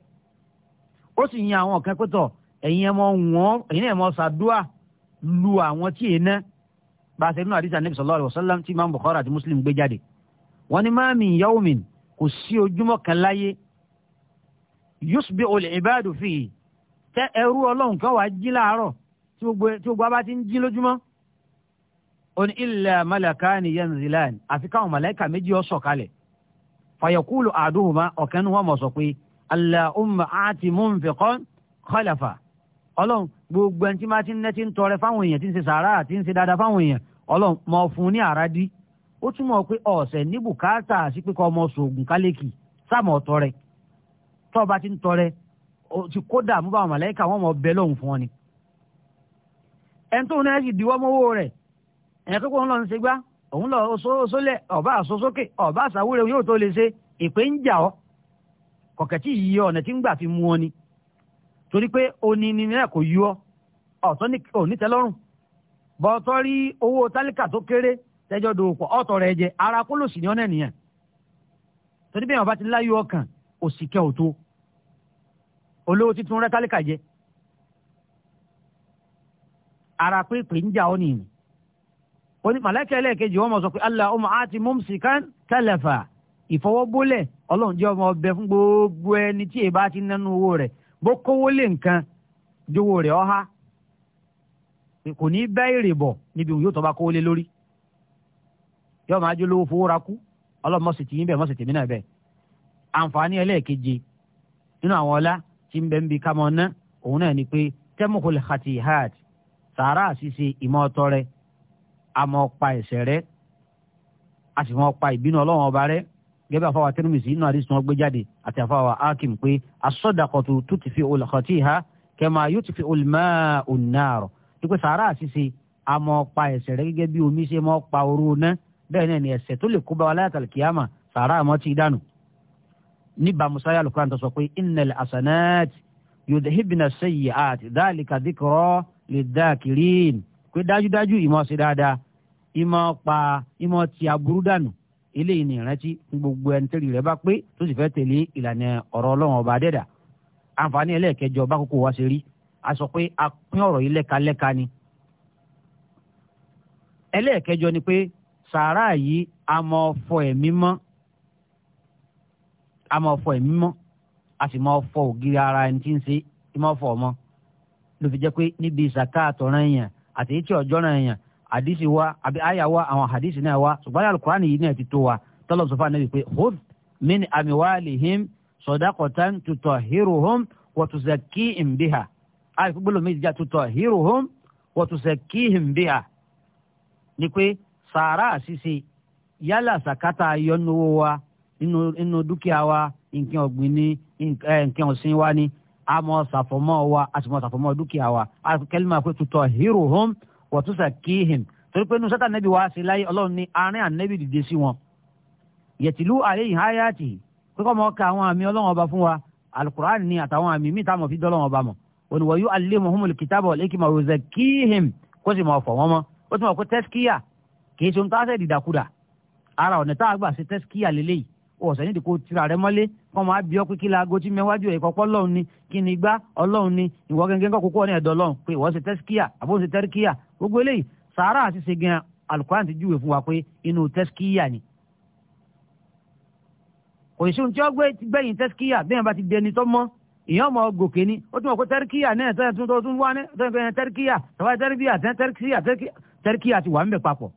ó sì yin àwọn ọ̀kẹ́ pẹ́tọ̀ ẹ̀yìn ẹ̀mọ wọn ẹ̀yìn ẹ̀mọ ṣàdúà lu àwọn tí è ibadu fihi tẹ ẹrú ọlọ́run kan wàá jí láàárọ̀ tí gbogbo abá ti ń jí lójúmọ́ ó ní illa malakani yanzilani àfi káwọn màláìka méjì ó sọ̀kalẹ̀ fàyẹ̀kúlù àdúhùmá ọ̀kan ní wọn mọ̀ sọ pé allahumma aati munfiqan khalafa ọlọ́run gbogbo ẹni tí máa ti ń nẹ́ ń tọrẹ fáwọn èèyàn ti ń ṣe sàárà àti ń ṣe dáadáa fáwọn èèyàn ọlọ́run mọ̀ fún ní àràdí ó túmọ̀ pé ọ̀sẹ̀ ní bùkátà sí pé kọ́ ọmọ sògùn kálékì sáàmù ọ̀tọ̀rẹ tọ́ọ̀bá ti ń tọrẹ ti kó dààmú bá àwọn màláìka wọn mọ bẹ lọ́hùn fún ọ ni ẹni tóun náà sì diwọ́ mọ́wọ́ rẹ̀ ẹ̀yìn kókó ń lọ ń ṣe gbá òun lọ sólẹ̀ ọ̀bá àṣọ sókè ọ̀bá àṣàwúrẹ́ yóò tó lè ṣe ìpè ń jà ọ́ kọ̀kẹ́tì yìí ọ̀nà tí ń gbà fi mú ọ ni torí pé òní ni náà kò yú ọ ọ̀tọ́ ní onítẹ́lọ́rùn bọ́tọ́ rí owó tálíkà tó kéré tẹ́jọ́ dòwòpọ̀ ọ̀tọ̀ rẹ̀ jẹ ara kólòsì ni ọ̀nà ènìyàn torí bẹ́ẹ̀ ọba ti láyọ̀ ọkàn òsìkẹ́ òtó olówó títún rẹ tálíkà jẹ ara pé ń jà ọ nìyí oní màláìka ẹlẹ́ẹ̀kejì wọn mọ̀ sọ pé Allahumma àti mumsikan talafa ìfọwọ́bólẹ̀ ọmọ ọbẹ̀ fún gbogbo ẹni tí èèbá ti nánú owó rẹ̀ bó kówó nkan nǹkan jówó rẹ̀ ọ́há kò ní bẹ́ èrè bọ̀ níbi òun yóò kówó lé lórí yóò máa jó lówó tí ń bẹ ń bi ká mọ ná òun náà ni pé tẹmukul khatihat sàárà àṣìṣe ìmọ̀ ọ̀tọ̀ rẹ àmọ́ pa ẹ̀ṣẹ̀ rẹ a sì mọ̀ pa ìbínú ọlọ́run ọba rẹ gẹ́gẹ́ àfọwà tẹ́lẹ̀mìsì inú àdìsùn wọn gbé jáde àti àfọwà akim pé asọ́dàkọ̀tù tó ti fi olùkọ́tì ha kẹmà yóò ti fi olùmọ́ ònàrọ̀ wípé sàárà àṣìṣe a mọ̀ pa ẹ̀ṣẹ̀ rẹ gẹ́gẹ́ bí omi ṣe mọ̀ pa oró ná bẹ́ẹ̀ náà ni ẹ̀ṣẹ̀ tó lè kó bá wa láyàtàlì kìámà sàárà àmọ́ ti dànù níbàámu sáyà lùkúrán sọ pé innal hasanati yudhibna sayyi'ati dhalika dhikra lidhakirin pé dájúdájú ìmọ̀ ṣe dáadáa ìmọ̀ pa ìmọ̀ ti aburú dànù eléyìí ni ìrántí gbogbo ẹni tẹ́lẹ̀ rẹ bá pé tó sì fẹ́ tẹ̀lé ìlànà ọ̀rọ̀ ọlọ́run ọba dẹ́dà àǹfààní ẹlẹ́ẹ̀kẹjọ bá kókó wa ṣe rí a sọ pé a pín ọ̀rọ̀ yìí lẹ́kalẹ́ka ni ẹlẹ́ẹ̀kẹjọ ni pé sàárà yìí a mọ fọ ẹ̀mí mọ́ a máa fọ ẹ̀mí mọ́ a sì máa fọ ògiri ara ẹni tí ń ṣe é máa fọ ọmọ ló fi jẹ́ pé níbi ìsàká àtọ̀ràn èèyàn àti èyí tí ọ̀jọ́ ràn èèyàn àdìsí wa àbí àyà wa àwọn àdìsí náà wa ṣùgbọ́n alukurani yìí náà ti tó wa tọ́lọ̀ sọ fún anabi pé hud min amiwalihim sọdakọtan tutọhiruhum wọtuzakihim biha àyè fún gbọ́dọ̀ méjì já tutọhiruhum wọtuzakihim biha ni pé sàárà àṣìṣe yálà sàkátà yọnuwo wa inú dúkìá wa nǹkan ọ̀gbìn ni nǹkan eh, ọ̀sìn wa ni a mọ̀ ṣàfọ̀mọ́ wa a sì mọ̀ ṣàfọ̀mọ́ dúkìá wa a kẹ́lìmọ̀ pé tutọ̀ hírò hom wọ̀túnṣà kíhìn torí pé inú sátà nẹ́bí wa ṣe láyé ọlọ́run ní àárín ànẹ́bí dìde sí wọn yẹtìlú àlẹ́ yìí háyàtì kíkọ́ mọ́ ka àwọn àmì ọlọ́run ọba fún wa alukur'an ni àtàwọn àmì míì táwọn fi dọ́lọ́run ọba mọ̀ oníwọ̀yú alẹ́ muhammadu kìtàbọ̀ lẹ́kìmọ̀ rọ̀ṣẹ̀ kíhìn kó sì mọ̀ ọ̀fọ̀ wọn mọ́ ara ọ̀nà tá a gbà ṣe ọ̀sẹ̀ nídìí kó tira rẹ mọ́lé kọ́ máa bí ọ pé kí laago tí mẹ́wájú ẹ̀ kọ́kọ́ lọ́hùn ni kí ni gbá ọlọ́hùn ni ìwọ gẹ́gẹ́ kọ́ kókó ọ̀nà ẹ̀dọ́ lọ́hùn pé ìwọ ṣe tẹ́síkíà àbó ṣe tẹ́ríkíà gbogbo eléyìí sàárà àti ṣègùn alukoran ti júwe fún wa pé inú tẹ́síkíà ni. kò sí ohun tí wọ́n gbẹ̀yìn tẹ́síkíà bẹ́ẹ̀ bá ti dẹni tọ́ mọ́ ìyẹn ọmọ gòkè ni ó tún wọ́n pé tẹ́ríkíà náà tẹ́ríkíà tẹ́ríkíà tẹ́ríkíà ti wà ń bẹ̀ papọ̀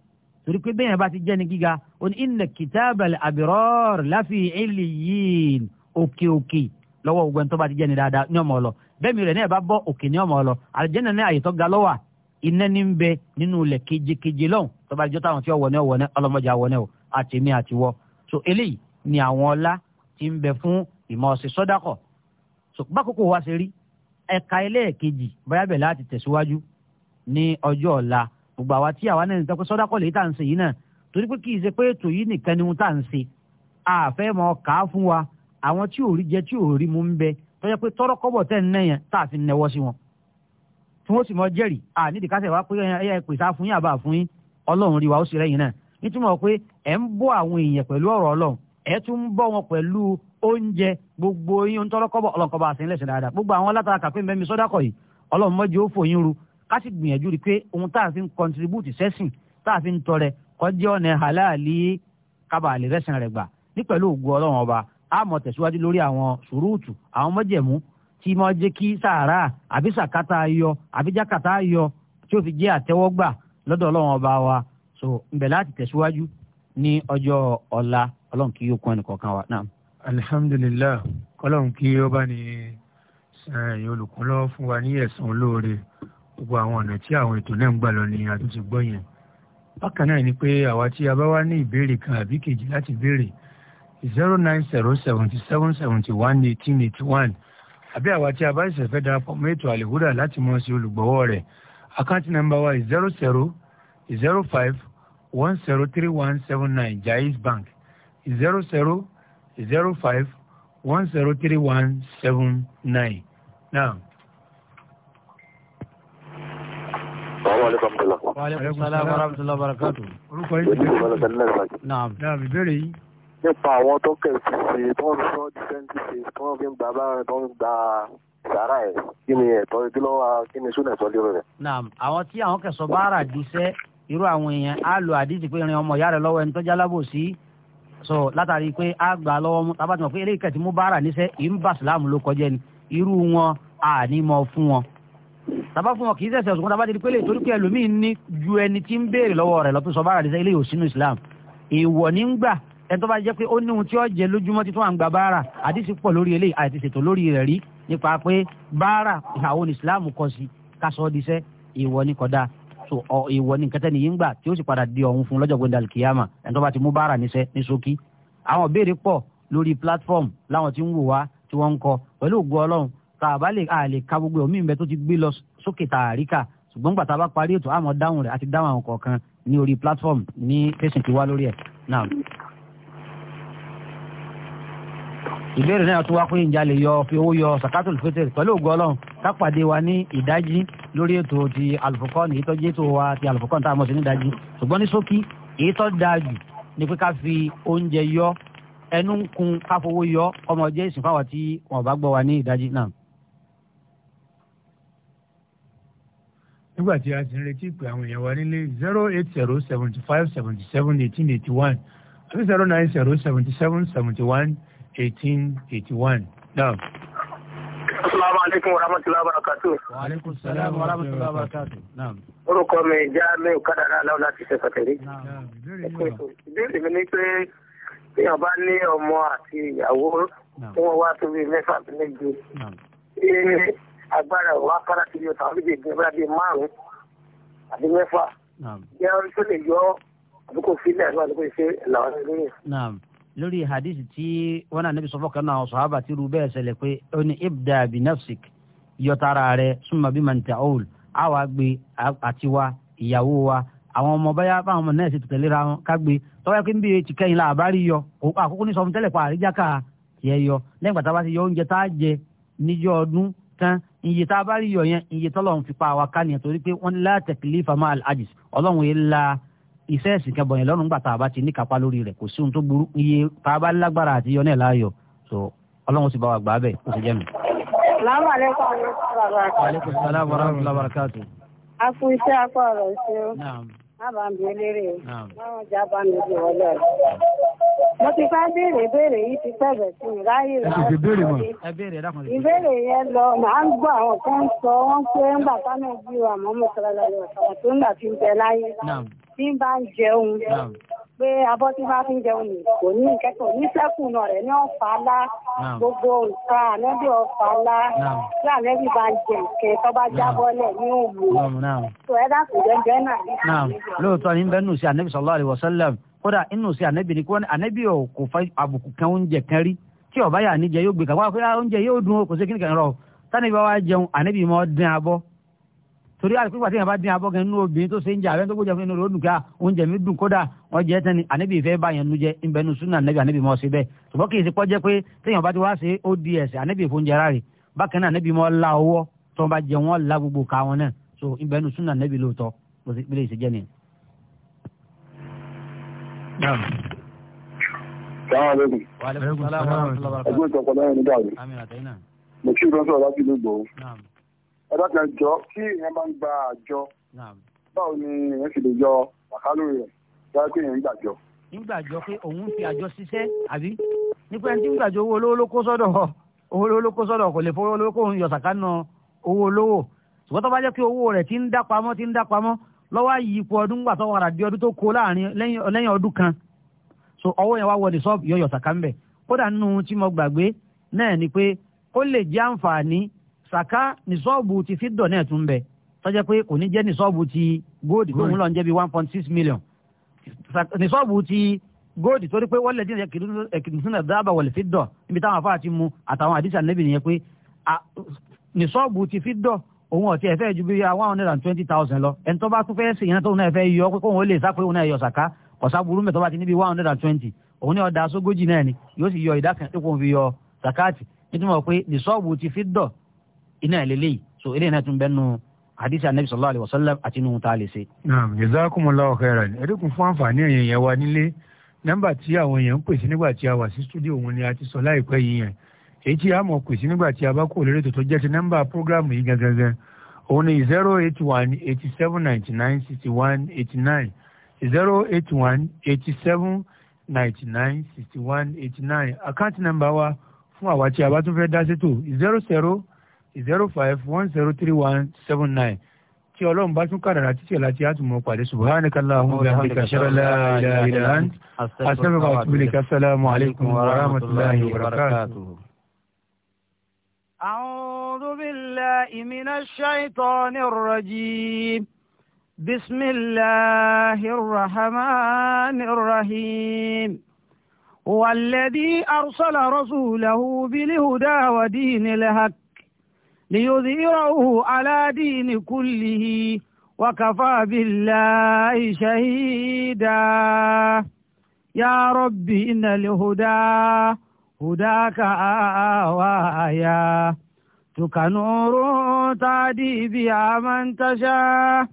torí pé bẹ́ẹ̀ yẹn bá ti jẹ́ ni gíga ó ní inna kitabal abiror láfi illiyin òkè òkè lọ́wọ́ gbogbo ẹni tó bá ti jẹ́ ni dáadáa ní ọmọ lọ bẹ́ẹ̀ mi rẹ̀ náà bá bọ́ òkè ní ọmọ lọ àlùjẹ́nà ní àyètọ́ ga lọ́wà iná ní ń bẹ nínú ilẹ̀ kejekeje lọ́hùn tó bá jọ táwọn tí ó wọ̀nẹ́ wọ̀nẹ́ ọlọ́mọdé àwọ̀nẹ́ o àti mi àti wọ so eléyìí ni àwọn ọlá ti ń bẹ fún ìmọ̀ sọ́dákọ̀ so bákòókò wa ṣe rí ẹ̀ka ẹlẹ́ẹ̀kejì báyàbẹ̀ láti tẹ̀síwájú ní ọjọ́ ọ̀la gbogbo àwa tí àwa náà ń sọ pé sọ́dákọ̀ lè tà ń ṣe yìí náà torí pé kì í ṣe pé ètò yìí nìkan ni wọn tà ń ṣe àfẹ́ mọ́ kà fún wa àwọn tí ò rí jẹ tí ò rí mu ń bẹ tọ́jà pé tọ́rọ́ kọ́bọ̀ tẹ̀ ń náyẹn tá a fi nẹwọ́ sí wọn tí wọ́n sì mọ jẹ́rìí à nídìí kásẹ̀ wá pé ẹ pèsè fún yín àbá fún yín ọlọ́run rí wa ó sì rẹ́yìn náà nítumọ̀ pé ẹ̀ ń bọ́ àwọn èèyàn pẹ̀lú ọ̀rọ̀ ọlọ́run ẹ̀ tún ń bọ́ wọn pẹ̀lú oúnjẹ gbogbo yín tọ́rọ́ kọ́bọ̀ ọlọ́nkọ́bà àti ńlẹ̀sẹ̀ dáadáa gbogbo àwọn látara kàpé mẹ́mi sọ́dákọ̀ yìí ọlọ́run mọ́jì ó fòyín ru ká sì gbìyànjú rí pé ohun tá a fi ń contribute sẹ́sìn tá a fi ń tọrẹ kọjá ọ̀nà halali kábàlì rẹ́sìn rẹ̀ gbà ní pẹ̀lú ògùn ọlọ́run ọba a mọ̀ tẹ̀síwájú lórí àwọn ṣùrùtù àwọn mọ́jẹ̀mú tí mọ́ jẹ́ kí sàárà àbí sàkátà yọ àbí jákàtà yọ tí ó fi jẹ́ àtẹ́wọ́gbà lọ́dọ̀ ọlọ́run ọba wa so ńbẹ̀ láti tẹ̀síwájú ní ọjọ́ ọ̀la ọlọ́run kí yóò kún ẹnì kọ̀ọ̀kan wa náà. alhamdulillah kọ́lọ́run kí ó bá ní olùkúnlọ́ eh, fún wa ní ẹ̀san olóore gbogbo àwọn ọ̀nà tí àwọn ètò náà ń gbà lọ ni a tún ti gbọ́ yẹn bákan náà ni pé àwa tí a bá wá ní ìbéèrè kan àbí kejì láti béèrè zero nine zero seventy seven seventy one eighteen eighty one àbí àwa tí a bá ṣẹ̀ṣẹ̀ fẹ́ darapọ̀ mọ́ ètò àlèhúdà láti mọ̀ sí olùgbọ́wọ́ rẹ̀ àkáǹtì nọ́mbà wa zero zero zero five one zero three one seven nine Jaiz Bank zero zero zero five one zero three one seven nine now. nípa àwọn tó kẹ̀sì ṣe tó ń sọ dìfẹ́ǹtì ṣe tó ń fi gbà bá tó ń gba sàárà ẹ̀ kí ni ẹ̀tọ́ kí ló wà kí ni súnà ẹ̀tọ́ lérò rẹ̀. naam àwọn tí àwọn kẹsàn bá rà díṣẹ́ irú àwọn èèyàn á lo àdìsí pé irin ọmọ ìyá rẹ̀ lọ́wọ́ ẹni tó jálábò sí sọ látàrí pé á gbà lọ́wọ́ mu tábàtì mọ̀ pé eléyìí kẹ̀tì mú bá rà níṣẹ́ ì tàbá fún wọn kì í ṣẹ̀ṣẹ̀ ṣùgbọ́n tàbá ti di pélé torí pé ẹlòmíín ní ju ẹni tí ń béèrè lọ́wọ́ rẹ̀ lọ́tún sọ bára ilé ìhòsínú Islam ìwọ̀ ní ń gbà ẹni tó bá jẹ́ pé ó ní ohun tí ó jẹ lójúmọ́ títún à ń gba bára àdìsí pọ̀ lórí eléyìí àti ṣètò lórí rẹ̀ rí nípa pé bára ìhàwọn Islam kọ sí kásọ̀ diṣẹ́ ìwọ̀ ní kọ̀dá so ìwọ ní kẹtẹ nìyí ń gbà tí ó sì padà di ọ̀hún fún lọ́jọ́ gbẹ̀dẹ̀ alikiyama ẹni tó bá ti mú bára níṣẹ́ ní ṣókí àwọn béèrè pọ̀ lórí platform láwọn tí ń wò wá tí wọ́n ń kọ pẹ̀lú ògùn ọlọ́run tá a bá lè a lè ka gbogbo omi ìbẹ tó ti gbé lọ sókè tá a rí ṣùgbọ́n gbà tá a bá parí ètò àmọ́ dáhùn rẹ̀ àti dáhùn àwọn kọ̀ọ̀kan ní orí platform ní tẹ̀sán ti wá lórí ẹ̀ náà. ìbéèrè náà tún wá pé ìjà lè yọ fi owó yọ sakatul fitr pẹ̀lú ògo ọlọ́run ká pàdé wa ní ìdájí lórí ètò ti alufukọ́n èyí tó ètò wa ti alufukọ́n tá a mọ̀ sí ní ìdájí ṣùgbọ́n ní ṣókí èyí tó dáa jù ni pé ká fi oúnjẹ yọ ẹnu ń kun káfowó yọ ọmọ jẹ́ ìsìn fáwọn tí wọ́n bá gbọ́ wa ní ìdájí náà. nígbà tí a sì ń retí pé àwọn èèyàn wa nílé zero eight zero seventy five seventy seven eighteen eighty one àbí zero nine zero seventy seven seventy one eighteen eighty one náà. Assalamu alaikum wa rahmatullahi wa barakatuh. Wa alaikum salam wa rahmatullahi wa barakatuh. Naam. Orúkọ mi já mi ò kádà rà lọ́wọ́ láti ṣe pàtẹ́rí. Ìbéèrè mi ni pé bí wọ́n bá ní ọmọ àti ìyàwó tí wọ́n wá tóbi mẹ́fà méje agbára wa kára kiri ọ̀tà orí bèbè bá di márùn-ún àti mẹ́fà. jẹ́ orí tó lè yọ àdúgbò sílẹ̀ àti àdúgbò ìṣe làwọn ẹlẹ́yìn. lórí hadith tí wọn náà níbi sọfọ kan náà àwọn sọhábà ti rú bẹ́ẹ̀ ṣẹlẹ̀ pé ó ní ibda bi nafsik yọtara rẹ súnmọ́ bí màǹtà owl àwa gbé àtiwá ìyàwó wa àwọn ọmọ báyà báwọn ọmọ náà ṣe tẹ̀léra wọn ká gbé tọ́wọ́ pé ń bí etí kẹ́yìn la àbá rí yọ àkókò ní sọfún tẹ́lẹ̀ pa àríjáká tiẹ̀ yọ lẹ́yìn pàtàkì yọ oúnjẹ tá a jẹ níjọ́ ọdún tán iye tá a bá rí yọ yẹn iye tọ́lọ́run fi pa àwa ká nìyẹn torí pé wọ́n ní la taklifa ma'al ajiz ọlọ́run yìí la iṣẹ́ ẹ̀sìn kẹbọ̀n yẹn lọ́rùn gbà tá a bá ti ní kápá lórí rẹ̀ kò sí ohun tó burú iye tá a bá lágbára àti yọ náà láàyò so ọlọ́run sì bá wa gbà á bẹ̀ kó sì jẹ́ mi. Assalamu alaikum warahmatullahi wabarakatuh. a fún iṣẹ́ apá ọ̀rọ̀ ṣe bá mo ti fẹ́ béèrè béèrè yìí ti pẹ̀lẹ̀ sí mi ráyè rẹ̀. ẹ ìbéèrè yẹn lọ màá ń gbọ́ àwọn tó ń sọ wọ́n pé ń bà sánà bí wa mọ́ mọ́ sọ̀rọ̀ lọ́wọ́ tó ń bà fi ń bẹ láyé tí ń bá ń jẹun pé abọ́ tí bá fi ń jẹun nì kò ní ìkẹ́kọ̀ọ́ ní sẹ́kùn náà rẹ̀ ní ọ̀fà ńlá gbogbo nǹkan ànábì ọ̀fà ńlá tí ànábì bá ń jẹ ìkẹ́ tó bá jábọ́lẹ̀ ní òwò tó ẹ dákun jẹ́jẹ́ náà. lóòótọ́ ní bẹ́ẹ̀ nù sí ànábì sallallahu alaihi wasallam kódà inú sí ànábì ni kó ànábì ò kò fa àbùkù kan oúnjẹ kan rí tí ọ̀bá yà ní jẹ yóò gbé kàwá pé ah, oúnjẹ yóò dùn kò sí kíníkan rọ torí àti pípa tí yẹn bá dín abọ́ kan nínú obìnrin tó ṣe ń jẹ abẹ́ tó gbọ́dọ̀ fún inú rẹ̀ ó dùn ká oúnjẹ mi dùn kódà wọ́n jẹ́ tẹ́ni ànábì ìfẹ́ bá yẹn nu jẹ ń bẹnu súnà ànábì ànábì mọ́ ṣe bẹ́ẹ̀ ṣùgbọ́n kì í ṣe pọ́ jẹ́ pé téèyàn bá ti wá ṣe ó di ẹ̀ṣẹ̀ ànábì ìfóúnjẹ rárẹ̀ bákan náà ànábì mọ́ la ọwọ́ tó ń bá jẹ wọ́n la gbogbo ká wọn náà so ń bẹnu súnà ànábì lóòótọ́ bó ṣe ṣe jẹ́ nìyẹn. Assalamu alaikum. Wa alaikum assalam ẹ̀dá kan jọ kí ìyẹn bá ń gba àjọ báwo ni ìyẹn sì lè yọ àkálò rẹ̀ báyọ̀ pé ìyẹn ń gbàjọ. nígbàjọ pé òun fi àjọ ṣiṣẹ́ àbí nípa ẹni tí ń gbàjọ owó olówó ló kó sọ́dọ̀ owó olówó ló kó sọ́dọ̀ kò lè fowó olówó kóun yọ sàkánà owó olówó ṣùgbọ́n tó bá jẹ́ pé owó rẹ̀ ti ń dá pamọ́ ti ń dá pamọ́ lọ́wọ́ àyè ipò ọdún gbà tó wàrà di ọdún tó kó láàrin lẹ́yìn ọdún kan so ọwọ́ yẹn wá wọ ní sọ́ọ̀bù yọ̀yọ̀ sàkà ń bẹ̀ kódà nínú tí mo gbàgbé náà ni pé kó lè jẹ́ àǹfààní saka nìṣọ́ọ̀bù ti fídọ̀ náà tún bẹ tọ́jẹ́ pé kò ní jẹ́ nìṣọ́ọ̀bù ti góòdì tó ń lọ jẹ́ bí one point six million nìṣọ́ọ̀bù ti góòdì torí pé wọ́n lè dín ẹ̀kìtìsínà dábà wọ̀lẹ̀ fídọ̀ níbi táwọn afáà ti mu àtàwọn àdìsí ànẹ́bì nìyẹn pé nìṣọ́ọ̀bù ti fídọ̀ òun ọ̀tí ẹ̀fẹ́ ju bí one hundred and twenty thousand lọ ẹni tó bá tún fẹ́ sèyàn tóun náà fẹ́ yọ pé kóun ó lè sá pé òun náà yọ sàká kọ̀sá burú mẹ́tọ́ bá ti níbi one hundred and twenty òun ní ọ̀dà sógójì náà ni yóò sì yọ ìdá kan tó kóun fi yọ sàkáàtì nítorí wọn pé nìṣọ́ọ̀bù ti fídọ̀ iná ìlélẹ́yìí so eléyìí náà tún bẹ́ẹ̀ nù hadith anabi sallallahu alayhi wa sallam àti nuhu tá a lè ṣe. naam jazakumullahu khairan ẹ dẹ́kun fún àǹfààní ẹ̀yìn yẹn wa nílé nọ́mbà tí àwọn èèyàn ń pèsè nígbà tí a wà sí stúdíò wọn ni a ti sọ láìpẹ́ yìí yẹn èyí tí a mọ̀ pèsè nígbà tí a bá kó lórí tòótọ́ jẹ́ ti nọ́mbà prógrámù yìí gẹ́gẹ́gẹ́ òun ni zero eight one eighty seven ninety nine sixty one eighty nine zero eight one eighty seven ninety nine sixty one eighty nine àkáǹtì nọ́mbà wa fún àwa tí a bá tún fẹ́ dá sétò zero zero zero five one zero three one seven nine tí ọlọ́run bá tún kàdàrà títí ẹ̀ láti àtúmọ̀ pàdé subhanaka allahumma wa bihamdika ashhadu an la ilaha illa anta astaghfiruka wa atubu ilaik assalamu alaykum wa rahmatullahi wa barakatuh. أعوذ بالله من الشيطان الرجيم بسم الله الرحمن الرحيم والذي أرسل رسوله بالهدى ودين الحق ليظهره على دين كله وكفى بالله شهيدا يا ربي إن الهدى هداك آوايا تك نور تعدي بها من تشاء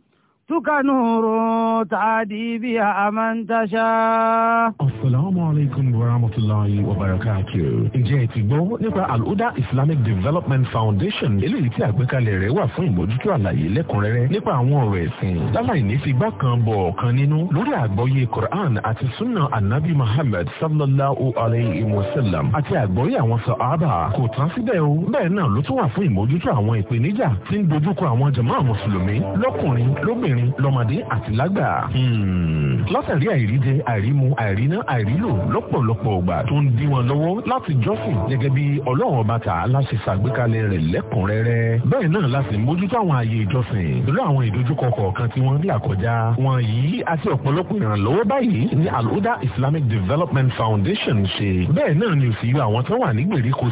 ربك نور تعدي بها من تشاء Assalamu alaikum wa rahmatullahi wa barakatuh. Ǹjẹ́ ẹ ti gbọ́ nípa Al-Huda Islamic Development Foundation eléyìí tí àgbékalẹ̀ rẹ̀ wà fún ìmójútó àlàyé lẹ́kùnrẹ́rẹ́ nípa àwọn ọ̀rọ̀ ẹ̀sìn. Láláì ní fi gbákan bọ̀ ọ̀kan nínú lórí àgbọ́yé Quran àti Sunna Anabi Muhammad sallallahu alayhi wa sallam àti àgbọ́yé àwọn sàhábà kò tán síbẹ̀ o. Bẹ́ẹ̀ náà ló tún wà fún ìmójútó àwọn ìpèníjà tí ń dojúkọ àwọn jàmáà Mùsùlùmí lọ́kùnrin lóbìnrin lọ́kùnrin lọ́mọdé àti lágbà. Hmm. látàrí àìríjẹ àìrímu àìríná àìrílò lọ́pọ̀lọpọ̀ ọgbà tó ń dí wọn lọ́wọ́ láti jọ́sìn gẹ́gẹ́ bí ọlọ́run ọba tà láti ṣàgbékalẹ̀ rẹ̀ lẹ́kùnrẹ́rẹ́. bẹ́ẹ̀ náà láti mójútó àwọn ààyè ìjọsìn pẹ̀lú àwọn ìdojúkọ kọ̀ọ̀kan tí wọ́n ń là kọjá. wọn yìí àti ọ̀pọ̀lọpọ̀ ìrànlọ́wọ́ báyìí ni Al-Huda Islamic Development Foundation ṣe. bẹ́ẹ̀ náà ni òsì àwọn tó wà ní gbèríko